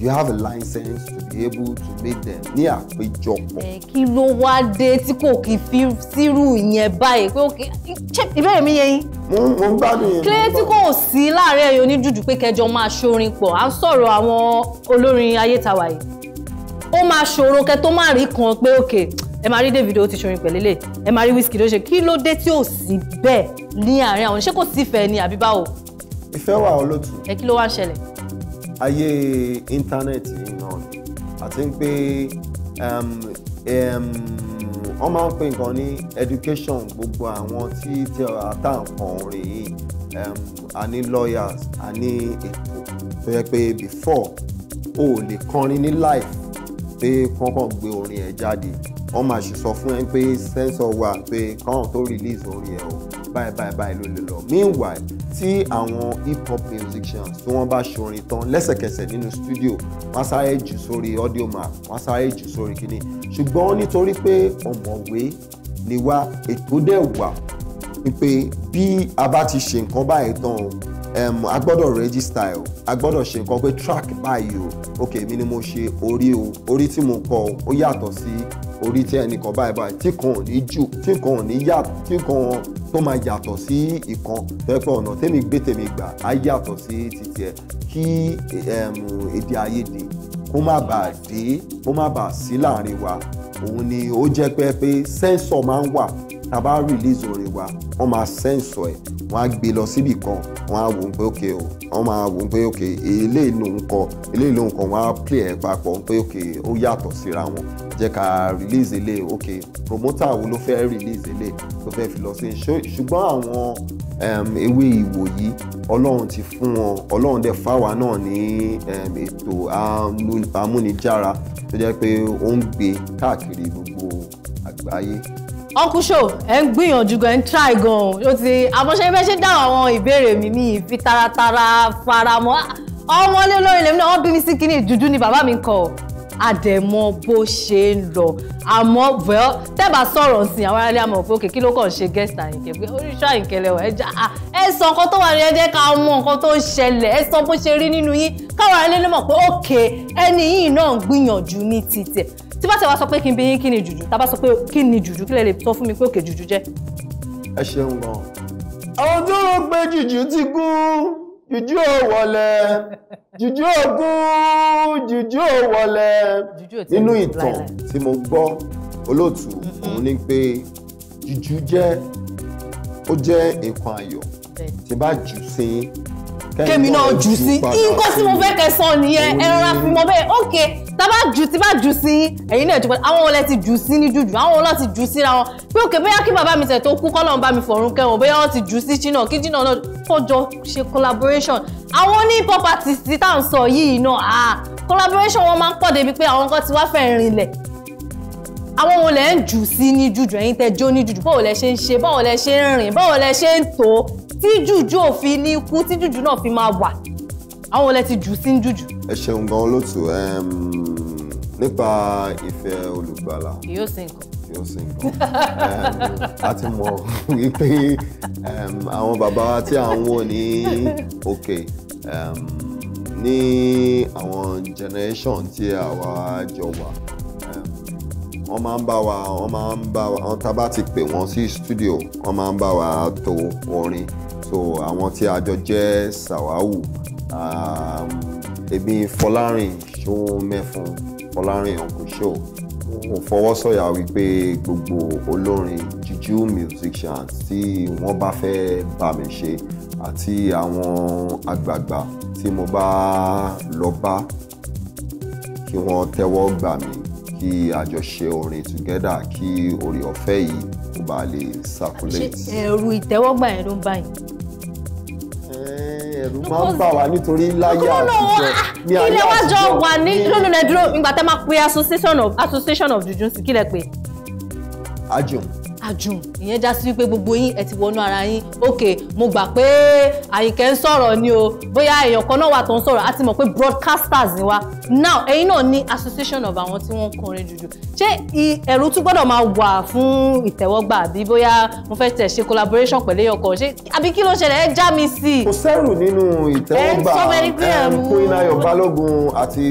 you have a license able to make them ní àpéjọpọ̀. kí ló wá dé tí kò kì í fi sírù yẹn báyìí pé òkè ìbéèrè mi yẹn yín. mo mo gbádùn yẹn. kílé tí kò sí láàárín ẹ̀yọ́ onídùúdù pé kẹjọ máa ṣorin pọ̀ à ń sọ̀rọ̀ àwọn olórin ayé tàwa yìí ó máa ṣòro kẹ tó máa rí kan pé òkè ẹ máa rí Davido ó ti ṣorin pẹ̀lẹ́lẹ̀ ẹ máa rí Wizkid ló ṣe kí ló dé tí ò sí bẹ́ẹ̀ ní àárín àwọn ṣé kò sífẹ̀ẹ́ ni àbí báwo. ìfẹ́ wà olótùú. ẹ kí ló wá ń ṣẹlẹ̀. ayé íńtánẹ́ẹ̀tì yìí n àti pé um, um, wọ́n máa ń pè nǹkan ní education gbogbo àwọn tí tí ata nǹkan rèé um, a ní lawyers a ní ètò tó yẹ pé before o ò lè kọrin ní life pé kọ́kàn gbé orin ẹ̀ jáde wọ́n máa ṣe sọ fún ẹ pé sensor wà pé kọ́hàn tó release orin ẹ̀ o báyìí báyìí báyìí ló lè lọ meanwhile tí àwọn hip hop musicians tí wọ́n bá ṣorin tán lẹ́sẹ̀kẹsẹ̀ nínú studio wọ́n sáré jù sórí audio map wọ́n sáré jù sórí kínní ṣùgbọ́n nítorí pé ọ̀mọ̀wé ni wá ètò dẹ̀ wà pé bí a bá ti ṣe nǹkan báyìí tán o um, a gbọ́dọ̀ rẹ́gísítà o a gbọ́dọ̀ ṣe nǹkan pé track báyìí o ok mi ni mo ṣe orí o orí tí mo kọ o ó yàtọ̀ sí orí tí ẹnìkan báyìí báyìí tí kan ò ní jù tí kan ò ní yà tí kan tó máa yàtọ̀ sí ìkan tẹ́pẹ́ ọ̀nà tẹ́mi gbé tẹ́mi gbà á yàtọ̀ sí títí ẹ̀ kí èdè àìyedè kó má bàa dé kó má bàa sí láàrin wa òun ni ó jẹ́ pé pé sẹ́ńsọ̀ máa ń wà tá a bá release orin wa wọ́n máa sẹ́ǹsọ̀ ẹ̀ wọ́n á gbé lọ síbì kan wọ́n á wò ó pé ok o wọ́n máa wò ó pé ok eléyìí lòun kọ eléyìí lòun kọ wọ́n á play ẹ̀ papọ̀ pé ok ó yàtọ̀ síra wọn jẹ́ ká release eléyìí ok promoter wo ló fẹ́ release eléyìí ló fẹ́ fi lọ sí ṣùgbọ́n àwọn ehm, ewé ìwò yìí ọlọ́run ti fún wọn ọlọ́run dẹ̀ fáwa náà ní ehm, ètò amúnijára tó jẹ́ pé ó ń gbé káàkiri gbogbo àgbáyé ọkùnṣò ẹ ń gbìyànjú gan ẹ ń try gan o ti àbọ̀ṣe bẹ́ẹ̀ ṣe dáhùn àwọn ìbéèrè mi mi ìfi taratara faramọ́ ọmọlé olórin lèmi náà wọ́n bí mi sí kíní dúdú ni bàbá mi ń kọ o àdẹ̀mọ bó ṣe ń lọ àmọ́ well tẹ́bà sọ̀rọ̀ sí àwọn aráàlú àmọ̀ pé òkè kí ló kàn ṣe guest àyìnkẹ́ pé oríṣà ìkẹlẹ̀ ọ̀ ẹja ẹ sọ nǹkan tó wà ní ẹjẹ́ ká mọ nǹkan tó ń ṣẹlẹ̀ ẹ sọ bó ṣe rí nínú yín káwọn aráàlú mọ̀ pé òkè ẹni yìí náà gbìyànjú ní títẹ̀ tí bá ti wá sọ pé kí n bí yín kí ni jùjú tá a bá sọ pé kí ni jùjú kí lè lè sọ fún mi pé òkè jùjú jẹ́. ẹ ṣeun gan. àwọn tó rò pé jùjú ti kú jùjú ò wọlé jùjú ò kú jùjú ò wọlé nínú ìtàn tí mo gbọ́ olóòtú òun ni pé jùjú jẹ́ ó jẹ́ nǹkan ayọ̀ tí bá jù sí yín kémi náà jù sí nǹkan tí mo fẹ́ kẹsàn nìyẹn ẹ rọra fi mọ bẹ́ẹ̀ ok tábà jù tí bá jù sí ẹ̀yin náà jù pẹ́ àwọn olè ti jù sí ní jùjù àwọn olè ti jù síra wọn pé ok bóyá kí bàbá mi tẹ̀ tó kú kọ́lọ́n bá mi fọ̀run kẹwọn bóyá wọ́n ti jù sí China kí China náà kọjọ ṣe collaboration àwọn ní hip hop artist tí tá à ń sọ yìí náà collaboration wọn máa ń pọ̀ débi pé àwọn kan ti wá fẹ́ rinlẹ̀ àwọn wo lẹ ń jù sí ní jùjù ẹ̀yin tẹ́ jó ní jùjù báwo lẹ ṣe ń ṣe báwo lẹ ṣe ń rìn báwo ṣe ń tó tí jùjú òfin ní kú tí jùjú náà fi máa wà àwọn olè ti jù sí ń jùjú. ẹ ṣeun gan olóòtú nípa ìfẹ́ olùgbàlà. yóò sì ń kọ. yóò sì ń kọ a ti mọ wípé àwọn bàbá tí à ń wò ní òkè ní àwọn generation tí àwa jọ wà wọ́n máa ń bá wa wọ́n máa ń bá wa wọ́n tá bá ti pè wọ́n sí studio wọ́n máa ń bá wa to orin so àwọn tí a jọ jẹ́ sàwáwù um, èmi fọlárin ṣóhun mẹ́fun fọlárin uncle mo fọwọ́ sọ̀yà wípé gbogbo olórin juju musicians tí wọ́n bá fẹ́ bá mi ṣe àti àwọn àgbààgbà tí mo bá lọ bá kí wọ́n tẹ́wọ́ gbà mí kí a jọ ṣe orin together kí oore ọ̀fẹ́ yìí kó bàa lè circulate. ṣé ẹ̀rù ìtẹ́wọ́gbà yẹn ló ń bá ẹ̀rù máa ń bà wá nítorí láyé àtijọ́ ah, ah, ní ayé àtijọ́ ilé wájọ wà ní lónìí rẹ dúró ìgbà tẹ́ máa pe association of association of jujun sí kílẹ̀ pé. ajum àjùn ìyẹn já sí wípé gbogbo yín ẹ ti wọnú ara yín ok mo gbà pé àyìnkẹ́ ń sọ̀rọ̀ ni o bóyá èèyàn kan náà wà tó ń sọ̀rọ̀ á ti mọ̀ pé broadcasters ni wa now ẹ̀yin náà ní association of àwọn tí wọ́n ń kọrin jùjù ṣé ẹ̀rù tún gbọ́dọ̀ máa wà fún ìtẹ́wọ́gbà àbí bóyá mo fẹ́ tẹ̀ ṣe collaboration pẹ̀lú èèyàn kan ṣé àbí kí ló ṣẹlẹ̀ ẹ já mi sí i. kò sẹ́rù nínú ìtẹ́wọ́gbà eh, Queen Ayọ̀ Balógun àti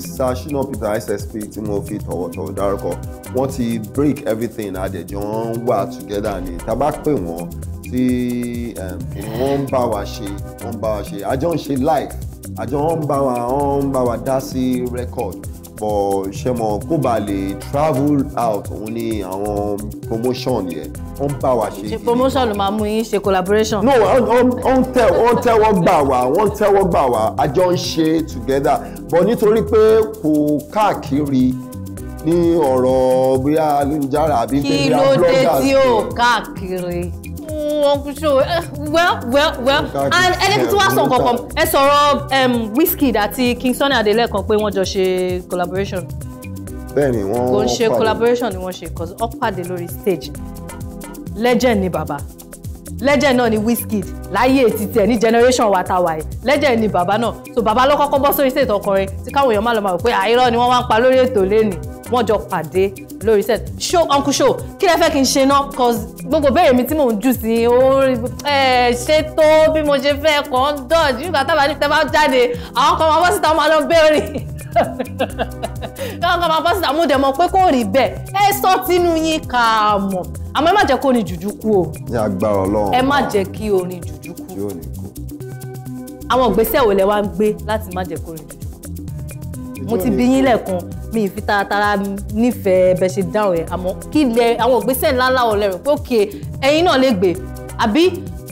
Sir Shina Peter SSP tí mo fi tọ̀wọ̀tọ̀wọ̀ dárúkọ wọ́n ti break everything àdẹ̀jọ́ wà together ni tá a bá pè wọ́n tí wọ́n ń bá wa ṣe wọ́n ń bá wa ṣe àjọ ń ṣe live àjọ wọ́n ń bá wa wọ́n ń bá wa dá sí record bọ̀ ṣe mọ̀ kó ba lè travel out òun ni àwọn promotion yẹn wọ́n bá wa ṣe. ṣe promotion ló máa mú yín ṣe collaboration. no wọ́n tẹ́wọ́ gbà wá wọ́n tẹ́wọ́ gbà wá àjọ ń ṣe together bọ̀ nítorí pé kò káàkiri ní ọ̀rọ̀ bóyá alóúnjára àbí bóyá bloggers. kí ló dé tí ó káàkiri mm, eh, well well well and ẹni tí wọ́n sọ kankan ẹ sọ̀rọ̀ Wizkid àti King Sunny Adele kan pé wọ́n jọ ṣe collaboration. bẹ́ẹ̀ni wọ́n pàdé kò ń ṣe collaboration ni wọ́n ṣe cause ọ pàdé lórí stage legend ni baba. legend náà ni Wizkid láyé títẹ ní generation wa ta wà legend ni baba náà so baba ló kọ́kọ́ bọ́ sórí stage ọkùnrin tí káwọn èèyàn má lọ máa wò pé àìrọ ah, ni wọ́n wá ń pa lórí ètò lẹ́nìí wọ́n jọ pàdé lórí set show uncle show kí lẹ fẹ́ kí n ṣe náà cause gbogbo bẹ́ẹ̀ mi tí mò ń jù sí ẹ ṣe tó bí mo ṣe fẹ́ kàn ń dọ̀jú nígbà tábà ní tẹ́ bá jáde àwọn kan máa bọ́ síta máa lọ bẹ́ẹ̀rì káwọn kan máa bọ́ síta mú dẹ̀ mọ̀ pé kò rí bẹ́ẹ̀ ẹ sọ tínú yín kà á mọ̀ àmọ́ ẹ má jẹ́ kó ní jùjú kú o ẹ má jẹ́ kí o ní jùjú kú àwọn ìgbésẹ̀ wo lẹ wá ń gbé láti má jẹ́ kó ní jùjú mo ti bí yín lẹ́ẹ̀kan mi ì fi taratara nífẹ̀ẹ́ bẹ ṣe dáhùn ẹ̀ àmọ́ kí lẹ àwọn ìgbésẹ̀ ńláńlá ọ̀ lẹ́rìn pé òkè ẹ̀yin náà lè gbé àbí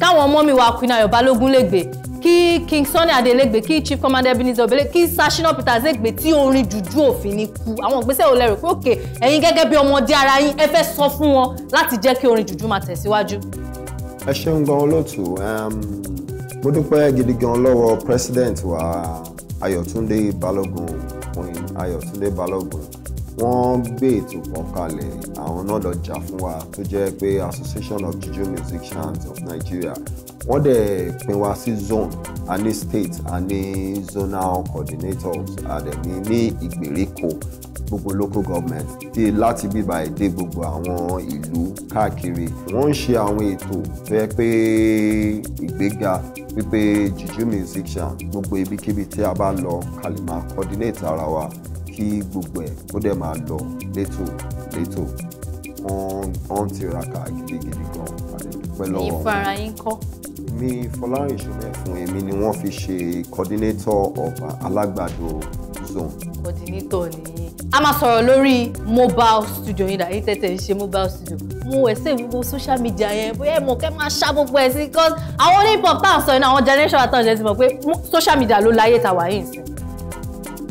káwọn ọmọ mi wà Queen Ayọ̀ Balógun lè gbé kí King Sunny Adé lè gbé kí Chief Commander Ebenezer Obele kí Sashina Peters lè gbé tí orin jùjú òfin ni kú àwọn ìgbésẹ̀ ọ̀ lẹ́rìn pé òkè ẹ̀yin gẹ́gẹ́ bí ọmọdé ara yín ẹ fẹ́ sọ fún wọn láti jẹ́ kí orin jùjú máa tẹ̀síwájú. ẹ ṣeun gan olóòtú mo dúpẹ́ gidi gan lọ́wọ́ president wa ayọ̀túndé balógun queen ayọ̀túndé balógun wọ́n gbé ètò kan kalẹ̀ àwọn náà lọ jà fún wa tó jẹ́ pé association of juju musicians of nigeria wọ́n dẹ̀ pín wa sí zone a ní state a ní zonal coordinators a dẹ̀ ní ní ìgbèríko gbogbo local government tí láti bíbá èdè gbogbo àwọn ìlú káàkiri wọ́n ń ṣe àwọn ètò tó yẹ pé ìgbéga pípé juju musician gbogbo ibikíbi tí a bá lọ kàlìmà coordinate ara wa kí gbogbo ẹ̀ ó dẹ̀ máa lọ létò létò wọ́n ti raka gidigidi gan àdẹ̀dúpẹ́ lọ́wọ́ wọn. ìfara yín kọ́. mi Fọlárin Ṣọlẹ fún èmi ni wọ́n fi ṣe coordinator ọba Alágbàdo zone. coordinator ni a máa sọ̀rọ̀ lórí mobile studio yìí dàbí tẹ̀tẹ̀ ń ṣe mobile studio mo ẹ̀sẹ̀ gbogbo social media yẹn bóyá ẹ̀ mọ̀ kẹ́ máa ṣá gbogbo ẹ̀ sí because àwọn onípọ̀ tá à ń sọ yẹn náà àwọn generation àtàwọn jẹ́ ti mọ̀ pé social media ló láyé tàwa yìí sí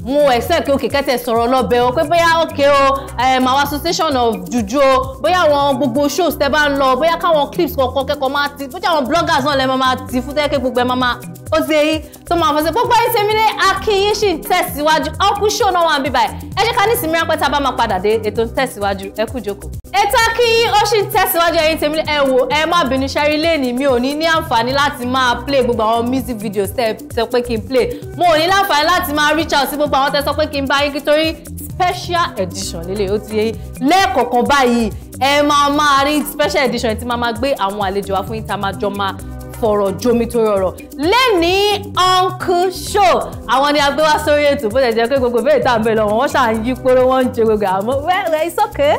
mo expect okay kẹ́tẹ̀ sọ̀rọ̀ lọ́bẹ̀ o pé bóyá okay o um, our association of juju o bóyá àwọn gbogbo shows tẹ́ bá ń lọ bóyá káwọn clips kọ̀ọ̀kan kẹ́kọ̀ọ́ máa ti bóyá àwọn bloggers náà lẹ́ máa ti fún tẹ́kẹ́ gbogbo ẹ̀ máa ó ti yẹ tó máa fọṣẹ gbogbo ayé tèmi lé akínyìn sì ń tẹ̀síwájú ọkùn ṣó náà wà ń bí báyìí ẹ jẹ́ ká ní ìsinmi ráńpẹ́ tá a bá máa padà dé ètò ń tẹ̀síwájú ẹ kú jókòó. ètò akínyìn ó sì ń tẹ̀síwájú ẹ̀yin tèmi lé ẹ wò ẹ má bínú ṣẹ́rí lẹ́ẹ̀ni mi ò ní ní àǹfààní láti máa play gbogbo àwọn music videos tẹ́ sọ pé kí n play mo ò ní láǹfààní láti máa reach out sí gbogbo àwọn tẹ́ sọ pé kí n bá yín kí torí special edition lélẹ̀ ó ti yẹ lẹ́ẹ̀kọ̀ọ̀kan báyìí ẹ máa máa rí special edition tí máa máa gbé àwọn àlejò wa fún yín tá a máa jọ máa fọ̀rọ̀ jomi tó rọrọ̀ lẹ́ni uncle show àwọn ni a gbé wá sórí ètò bó jẹ́ pé gbogbo bẹ́ẹ̀ tá à ń bẹ̀ lọ́wọ́ wọ́n ṣáà ń yí póró wọ́n ń jẹ gbogbo àmọ́ wẹ́ẹ́rẹ́ it's okay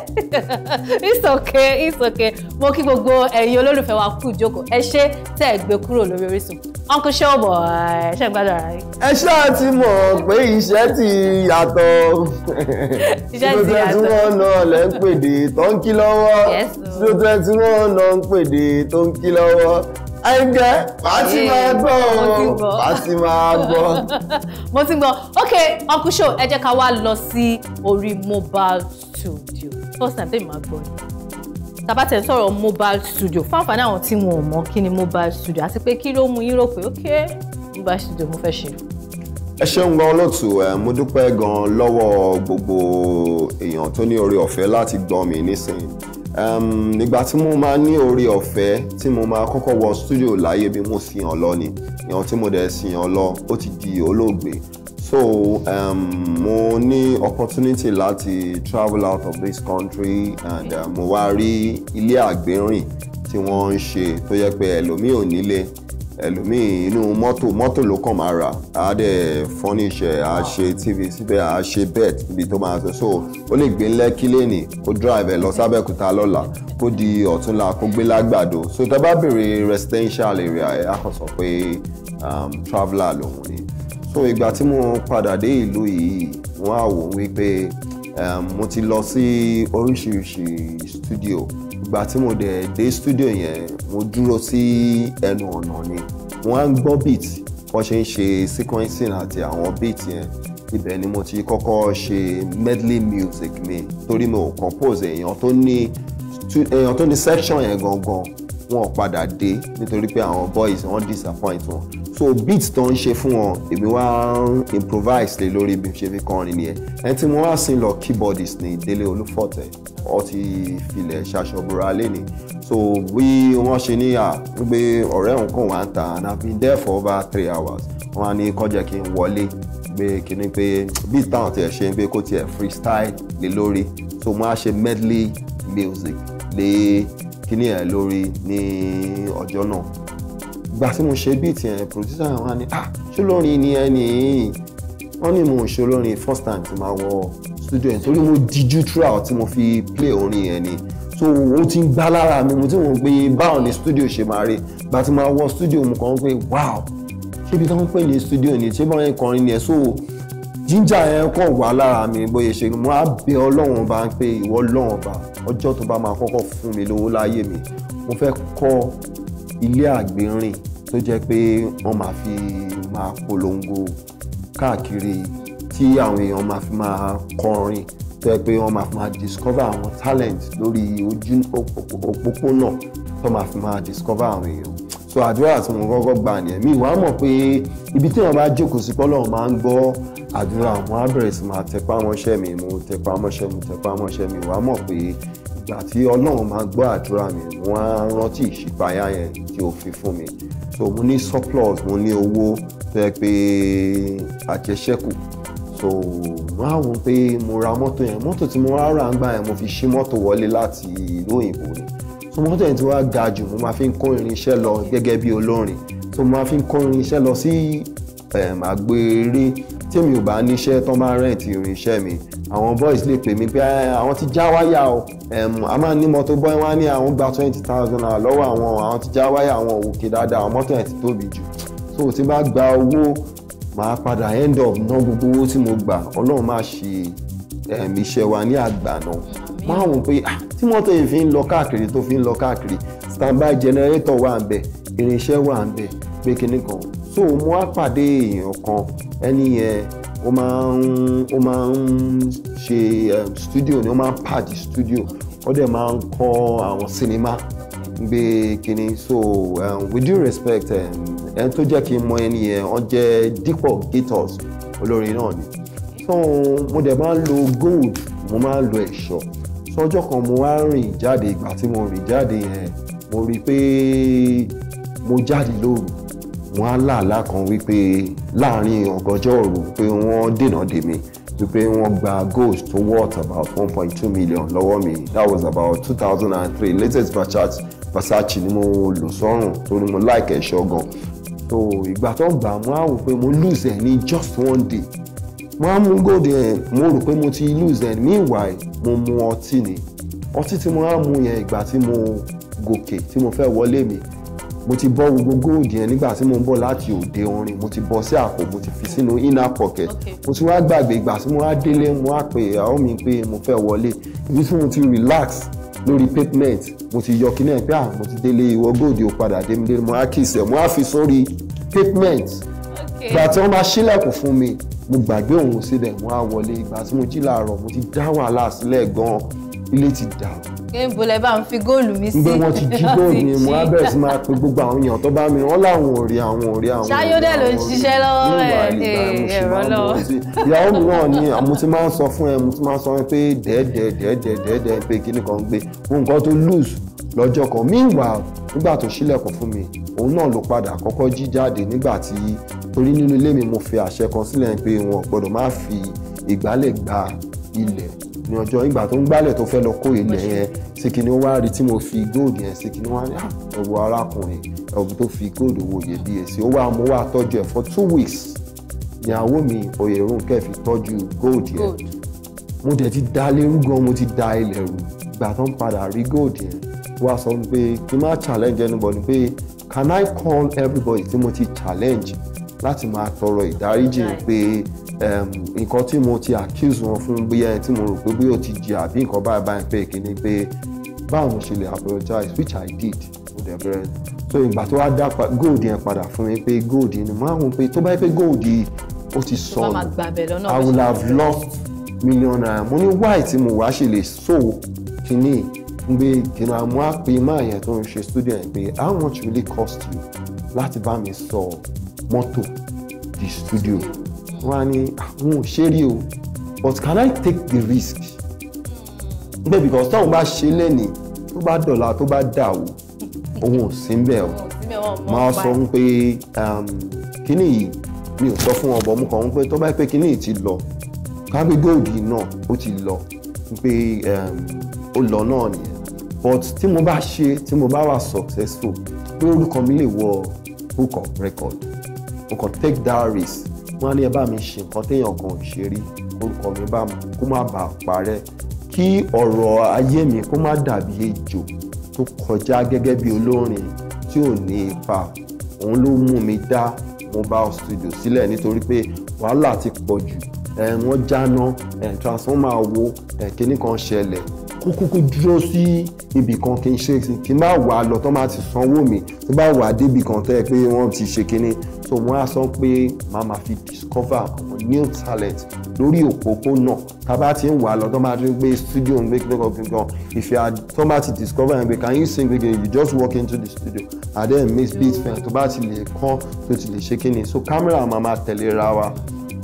it's okay it's okay mo kí gbogbo ẹ̀yin olólùfẹ́ wa kú ìjókòó ẹ ṣé tẹ́ ẹ gbé kúrò lórí Orísun uncle show bọ̀ ẹ ṣe gbádùn ara yín. ẹ ṣáà ti mọ̀ pé iṣẹ́ ti yàtọ̀ iṣẹ́ tí wọ́n náà ń ẹ̀ǹgẹ́ wàá ti máa gbọ́ wàá ti máa gbọ́. mo ti gbọ́ ok uncle show ẹ jẹ́ ká wá lọ sí orí mobile studio first time tẹ́mi máa gbọ́ yìí tabatẹ sọ̀rọ̀ mobile studio fáfáni àwọn tí wọn ò mọ̀ kí ni mobile studio àti pé kí ló mú yín rò pé ok mobile studio mo fẹ́ ṣe ẹ ṣeun gan olóòtú ẹ mo dúpẹ́ gan lọ́wọ́ gbogbo èèyàn tó ní oore ọ̀fẹ́ láti gbọ́ mi nísìnyí ìgbà tí mo máa ní oore ọ̀fẹ́ tí mo máa kọ́kọ́ wọ studio láyé bí mo sì hàn lọ ni ìhàn tí mo dẹ̀ sì hàn lọ ó ti di olóògbé so um, mo ní opportunity láti travel out of this country and eh, mo wá rí ilé àgbérìn tí wọ́n ń ṣe tó yẹ pé ẹlòmíì ò nílé ẹlòmíì inú mọ́tò mọ́tò ló kàn máa rà á dẹ̀ fọ́níṣẹ̀ á ṣe tv síbẹ̀ á ṣe bet ibi tó máa sọ so ó lè gbé ńlẹ́kí lẹ́nì kó drive ẹ̀ lọ sábẹ́kúta lọ́la kó di ọ̀túnla kó gbé lágbàdo so tó bá béèrè residential area ẹ̀ á kàn sọ pé um, traveller lòun ni so ìgbà tí mo padà dé ìlú yìí wọ́n á wò wípé um, mo ti lọ sí oríṣiríṣi studio ìgbà tí mo dẹ̀ dé studio yẹn mo dúró sí ẹnu ọ̀nà ni wọ́n á gbọ́ beat wọ́n ṣe ń ṣe sequencing àti àwọn beat yẹn ibẹ̀ ni mo ti kọ́kọ́ ṣe medley music mi torí mo compose èèyàn tó ní èèyàn tó ní section yẹn gangan wọn ò padà dé nítorí pé àwọn boys wọn disappoint wọn so beat tó ń ṣe fún wọn èmi wá ń improvise lé lórí bí ṣe fi kọrin nìyẹn ẹni tí mo wá sí lọ keyboardist ní Délé Olúfọ̀tẹ́ ó ti filẹ̀ ṣaṣọbúra lẹ́ni so bí wọ́n ṣe ní à ń gbé ọ̀rẹ́ òun kàn wá ń ta and I've been there for over three hours wọ́n á ní kọjá kí n wọlé pé kíní pé beat táwọn tiẹ̀ ṣe ń pé kó tiẹ̀ freestyle lé lórí so mo á ṣe medley music lé kíní ẹ̀ lórí ní ọjọ́ náà ìgbà tí mo ṣe bíìtì yẹn producer wa ni ah ṣé olórin ni ẹni yìí wọ́n mo ṣe olórin first time tí máa wọ studio yẹn torí mo díjú throughout tí mo fi play orin yẹn ni so ó ti ń gbá lára mi mo ti wọ́n pé báwọn ni studio ṣe máa rí ìgbà tí máa wọ studio mo kàn ń pé wow ṣébi tí wọ́n pè ní studio ni ṣé báwọn yẹn kọrin ni ẹ̀ so jíjà yẹn kàn wá lára mi bóyá ṣe mo á bẹ ọlọ́run bá ń pé ìwọ ọlọ́run bá ọjọ́ tó bá máa kọ́kọ́ fún mi lówó láyé mi mo fẹ́ kọ́ ilé àgbérìn tó jẹ́ pé wọ́n máa fi máa polongo káàkiri tí àwọn èèyàn máa fi máa kọrin tó jẹ́ pé wọ́n máa fi máa discover àwọn talent lórí ojú òpópónà tó máa fi máa discover àwọn èèyàn so àdúrà tí mo kọ́kọ́ gbà nìyẹn mi wàá mọ̀ pé ibi tí wọ́n bá jókòó sí pọ́lọ́ máa ń gbọ́ àdúrà wọn á bẹ̀rẹ̀ sí máa tẹpá mọ́ṣẹ́ mi mo tẹpá mọ́ṣẹ́ mo tẹpá mọ́ṣẹ́ mi wàá mọ̀ pé ìgbà tí ọlọ́run máa gbọ́ àdúrà mi wọ́n á rántí ìṣípayá yẹn tí o fi fún mi so mo ní surplus mo ní owó tó yẹ pé àjẹṣẹ́kù so wọ́n á wò pé mo ra mọ́tò yẹn mọ́tò tí mo rà ńgbà yẹn mo fi ṣí mọ́tò wọlé láti ìlú òyìnbó ni so mọ́tò yẹn ti wá ga jù mo máa fi ń kó irinṣẹ́ lọ gẹ́gẹ́ bí olórin so mo máa fi ń kó irinṣẹ́ lọ sí àgbèrè tèmi ò bá níṣẹ́ tán bá rent irinṣẹ́ mi àwọn boys lè pè mí pé àwọn ti já wáyà o a máa ní mọ́tò bọ́ wá ní àwọn gba twenty thousand naira lọ́wọ́ àwọn àwọn ti já wáyà àwọn òkè dáadáa àwọn mọ́tò ẹ̀ ti tóbi jù so tí bá gba owó màá padà end up ná gbogbo owó tí mo gbà ọlọ́run máa ṣe iṣẹ́ wa ní àgbà náà máa wò pé tí mọ́tò yìí fi ń lọ káàkiri tó fi ń lọ káàkiri standby generator wà ń bẹ irinṣẹ́ wà ń bẹ pé kinní kan so o wá pàdé èèyàn kan ẹni yẹn ó máa ń ó máa ń ṣe um, studio ni ó máa ń pàdé studio o dẹ̀ máa ń kọ́ àwọn sinimá gbé kínní so um, with due respect um, ẹni tó jẹ́ kí n mọ ẹni yẹn wọ́n jẹ́ dípọ̀ gators olórin náà ni so mo dẹ̀ máa ń lo gold mo máa ń lo ẹ̀ṣọ́ so ọjọ́ kan mo wá rìn jáde ìgbà tí mo rìn jáde yẹn mo rí i pé mo jáde lóru wọ́n á làálàá kan wípé láàrin ọ̀gànjọ́ òru pé wọ́n dènà dè mí wípé wọ́n gba gold tó worth about one point two million lọ́wọ́ mi that was about two thousand and three latest Versace Versace ni mo lò sọ́rùn torí mo like ẹ̀ṣọ́ gan so ìgbà tó gbà mo á wò pé mo lose ẹ̀ ní just one day mo á mú gold ẹ̀ mo rò pé mo ti lose ẹ̀ meanwhile mo mu ọtí ni ọtí tí mo á mu yẹn ìgbà tí mo gòkè tí mo fẹ́ wọlé mi mo ti bọ́ gbogbo góòdì yẹn nígbà tí mo ń bọ̀ láti òde orin mo ti bọ́ sí àpò mo ti fi sínú inner pocket mo ti wá gbàgbé ìgbà tí mo wá délé mo wá pè àwọn mi pé mo fẹ́ wọlé ibi tí mo ti relax lórí pavement mo ti yọ kíní ẹ̀ pé ah mo ti délé ìwọ góòdì ò padà dé mi délé mo wá kìsẹ̀ mo wá fi sórí pavement ìgbà tí wọ́n bá ṣílẹ̀kùn fún mi mo gbàgbé òun síbẹ̀ mo wá wọlé ìgbà tí mo jí làárọ̀ mo ti dá wàhálà sílẹ̀ gan-an ilé ti dàrú. kéńbó lẹ bá ń fi góòlù mi sí. gbé wọn ti jí góòlù mi mo á bẹ̀rẹ̀ sí máa pe gbogbo àwọn èèyàn tó bá mi wọn láwọn ò rí àwọn ò rí àwọn. ṣayọdẹ ló ń ṣiṣẹ́ lọ́wọ́ ẹ ẹ̀rọ lọ́wọ́. ìyàwó mi náà ni mo ti máa ń sọ fún ẹ mo ti máa ń sọ fún ẹ pé dẹ́ẹ̀dẹ́ẹ̀dẹ́ẹ̀dẹ́ẹ̀dẹ́ pé kíní kan gbé ohun kan tó lose lọ́jọ́ kan meanwhile nígbà tó ṣílẹ̀kùn fún mi òun náà ló padà kọ́kọ́ jí jáde nígbà tí torí nínú ilé mi mo fi àṣẹ kan sílẹ̀ pé wọn ò gbọ́dọ̀ má fi ìgbálẹ̀ gba ilẹ̀ ní ọjọ́ ìgbà tó ń gbálẹ̀ tó fẹ́ lọ kó ilẹ̀ yẹn sí kí ni ó wá rí tí mo fi góòdù yẹn sí kí ni wá ní ah, ọwọ́ arákùnrin ọ̀bùn tó fi góòdù owó yẹ bí èsì ó wá mú wá tọ́jú ẹ̀ for two weeks ìyàwó mi Oyèrónkẹ́ fi tọ́jú góòdù yẹn mo dẹ̀ ti da lérú gan mo ti da ilẹ̀ rù ìgbà tó ń padà rí góòdù yẹn wá sọ pé kí n má challenge anybody pé can I call everybody tí mo ti challenge láti máa tọrọ ìdáríjì pé. Right nǹkan tí mo ti accuse wọn fún bóyá ẹni tí mo rò pé bóyá o ti jìyà àbí nǹkan báyìí báyìí pé kíní pé báwo mo ṣe lè apologize which I did mo dẹ̀ bẹ̀rẹ̀ so ìgbà tó wá dá gold yẹn padà fún mi pé gold yẹn ni mo àwọn pé tó bá pé gold yìí ó ti sọnù I will have lost million naira mo ní why tí mo wá ṣe lè so kíní gbé kìnnà mú àpè máa yẹn tó ń ṣe student pé how much really cost you láti bá mi sọ mọ́tò di studio wọn á ní ah, ò ṣe rí o but can I take the risk bẹ́ẹ̀ because tóun bá ṣe lẹ́nìí tó bá dọ̀la tó bá dà o òun ò sí bẹ́ẹ̀ o máa sọ fún pé um, kíní yìí mi ò sọ fún ọbọ mú kàn ń pé tó bá pé kíní yìí ti lọ kágbégbé òdì náà ó ti lọ pé um, ó lọ náà nìyẹn but tí mo bá ṣe tí mo bá wà successful pé orúkọ mi lè wọ book of record mo kàn take that risk wọ́n á ní ẹ bá mi ṣe nǹkan téèyàn kan ò ṣe rí orúkọ mi bá kó má bàa parẹ́ kí ọ̀rọ̀ ayé mi kó má dàbí ejò tó kọjá gẹ́gẹ́ bí olórin tí ò ní ipa òun ló mú mi dá mobile studio sílẹ̀ nítorí pé wàhálà ti pọ̀ jù ẹ̀ wọ́n jáná ẹ̀ transformer wo ẹ̀ kíní kan ṣẹlẹ̀ kúkúkú dúró sí ibì kan kí n ṣe kí n bá wà lọ tó máa ti sanwó mi tó bá wà débì kan tẹ́ pé wọ́n ti ṣe kínní so mo á sọ pé màá máa fi discover àwọn new talent lórí òpópónà tá a bá ti ń wà lọ tó máa ti ń gbé studio ń gbé kíkọ́ kíkọ́ if you are tó bá ti discover ẹ̀ pé can you sing again you just walk into the studio and then miss beat fẹ́ tó bá ti lè kọ́ tó ti lè ṣe kí ni so camera máa máa tẹ̀lé ra wa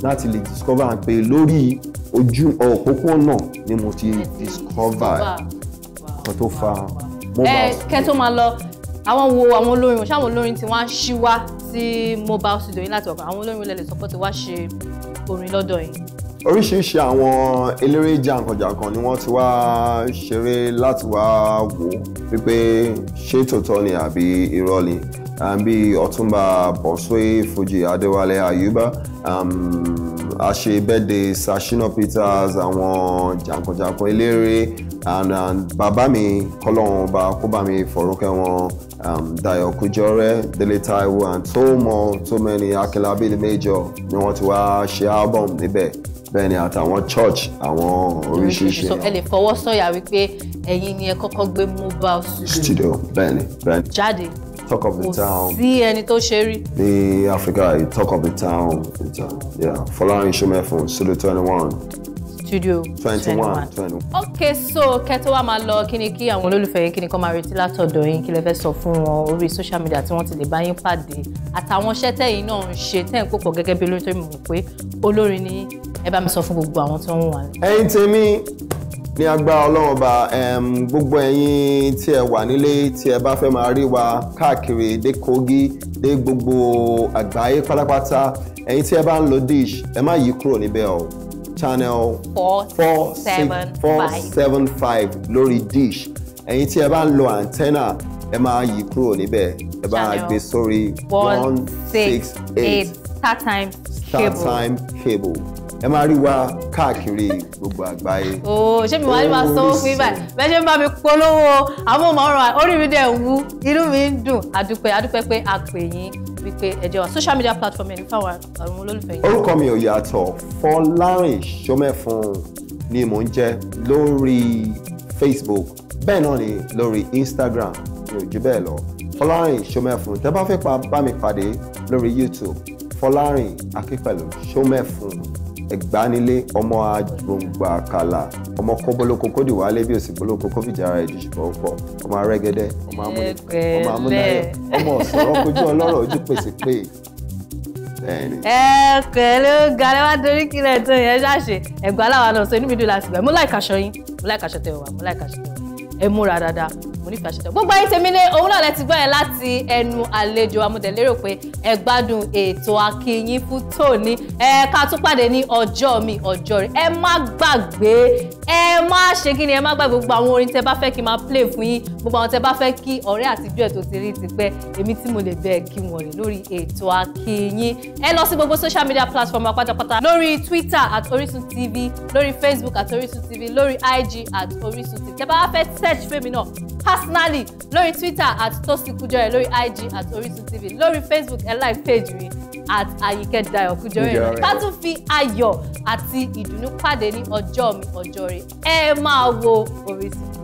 láti lè discover pé lórí ojú òpópónà ni mo ti discover kan tó fa mobile. ẹ eh, kẹ́ tó máa lọ àwọn wo àwọn olórin wọn ṣáwọn olórin tí wọ́n á ṣí wá sí mobile studio yín láti ọkàn àwọn olórin olè lè sọ pé ti wá ṣe orin lọ́dọ̀ yìí. oríṣiríṣi àwọn eléré jàǹkànjàǹkàn ni wọ́n ti wá ṣeré láti wá wò wípé ṣé tòótọ́ ni àbí irọ́ ni bí ọ̀túnba bọ̀sùwé fújì adéwálé àyùbá a ṣe birthday Sashina Peters àwọn jàǹkànjàǹkàn eléré and bàbá mi kọ́lọ́run ọba kó bá mi fọ̀rọ̀kẹ́ wọn um, Dayo Kujore, Dele Taiwo and so more so many Akinlabili Major ni wọ́n ti wá ṣe album níbẹ̀ bẹ́ẹ̀ ni àtàwọn church àwọn oríṣiríṣi. so ẹ lè fọwọ́ sọ̀yà wípé ẹ̀yin ni ẹ kọ́kọ́ gbé mobile studio. studio bẹ́ẹ̀ ni bẹ́ẹ̀ ni. jáde talk of the town. kò sí ẹni tó ṣe rí. ní Africa talk of the town. The town. Yeah. Fọlárin Ṣomẹ́fún Studio twenty one studio twenty one. ok so kẹtọ wa máa lọ kí ni kí àwọn olólùfẹ́ yín kí ni kọ́ máa retí látọ̀dọ̀ yín kí lẹ fẹ́ sọ fún wọn orí social media tí wọ́n ti lè bá yín pàdé àtàwọn iṣẹ́ tẹ̀yìn náà ń ṣe tẹ̀ ń kópọ̀ gẹ́gẹ́ bí olórin tó mọ̀ pé olórin ni ẹ bá mi sọ fún gbogbo àwọn tó ń wà. ẹ̀yin tèmi ní agbára ọlọ́run ọba gbogbo ẹ̀yin tí ẹ wà nílé tí ẹ bá fẹ́ máa rí wa káàkiri dé Kogi dé gbogbo àgbáyé pátápátá ẹ̀yin tí ẹ bá ń lo dish ẹ má yí kúrò níbẹ̀ o channel four four seven six four seven five lórí dish ẹ̀yin tí ẹ bá ń lo antenna ẹ máa yí kúrò níbẹ̀ ẹ bá gbé sórí one six eight Start time. cable. time. cable ẹ máa rí wa káàkiri gbogbo àgbáyé. ooo ṣé mi wàá ní máa sanwó fún ibà bẹ́ẹ̀ ṣe ń bá mi polówó amóhùnmáwòrán orí mi dẹ̀ wú inú mi ń dùn àdúpẹ́ àdúpẹ́ pé a pè yín wípé ẹ jẹ́ wa social media platform ẹni fáwọn àwọn olólùfẹ́ yìí. orúkọ mi ò yàtọ̀ Fọlárìn Ṣómẹ́fun ni mò ń jẹ́ lórí Facebook bẹ́ẹ̀ náà ni lórí Instagram mi ò jù bẹ́ẹ̀ lọ Fọlárìn Ṣómẹ́fun tẹ́ bá fẹ́ pa bá mi pàdé lórí YouTube Fọlárìn Akínpẹ̀lú Ṣómẹ́fun ẹ̀gbánilé ọmọ àgbòǹgbà àkàlà ọmọ kọ́bọ́lóko kó dìwálé bí òsì bọ́lóko kó fìjàra ẹ̀dì ṣùgbọ́n ọ̀pọ̀ ọmọ arẹ́gẹ́dẹ́ ọmọ amúnáyọ̀ ọmọ ọ̀sọ̀rọ̀ kojú ọlọ́rọ̀ ojú pèsè pé ẹ pẹ̀lú galẹ wá torí kí lẹ tó yẹn ṣáṣe ẹgbàá làwọn náà sọ inú mi dùn láti gbà mú láìka aṣọ yín mú láìka aṣọ tẹwàá mú láìka aṣọ tẹwàá ẹ múra dáadáa mo nífẹ̀ẹ́ àṣetọ̀ gbogbo ayé tèmi lé òun náà lẹ ti gbọ́ yẹn láti ẹnu àlejò amúdẹ̀lérò pé ẹ gbádùn ètò akínyìn fún tòní ẹ ká pàdé ní ọjọ́ mi ọjọ́ rẹ ẹ má gbàgbé ẹ má ṣe kí ni ẹ má gbàgbé gbogbo àwọn orin tẹ bá fẹ́ kí n máa play fún yín gbogbo àwọn tẹ bá fẹ́ kí ọ̀rẹ́ àtijọ́ ẹ̀ tó ti rí ti pẹ́ èmi tí mo lè bẹ́ẹ̀ kí wọ́n rí lórí ètò akínyìn ẹ lọ sí gbogbo social media platform pátápátá lórí Twitter at Orisun TV lórí Facebook at Orisun TV lórí IG at Orisun TV tẹ bá fẹ́ search fèmí náà personally lórí twitter at tosikujore lórí ig at orisun tv lórí facebook ẹ page mi at ayike dayo kujore ká tún fi ayọ̀ àti ìdùnnú pàdé ní ọjọ́ mi ọjọ́ rẹ ẹ máa wo Orísun.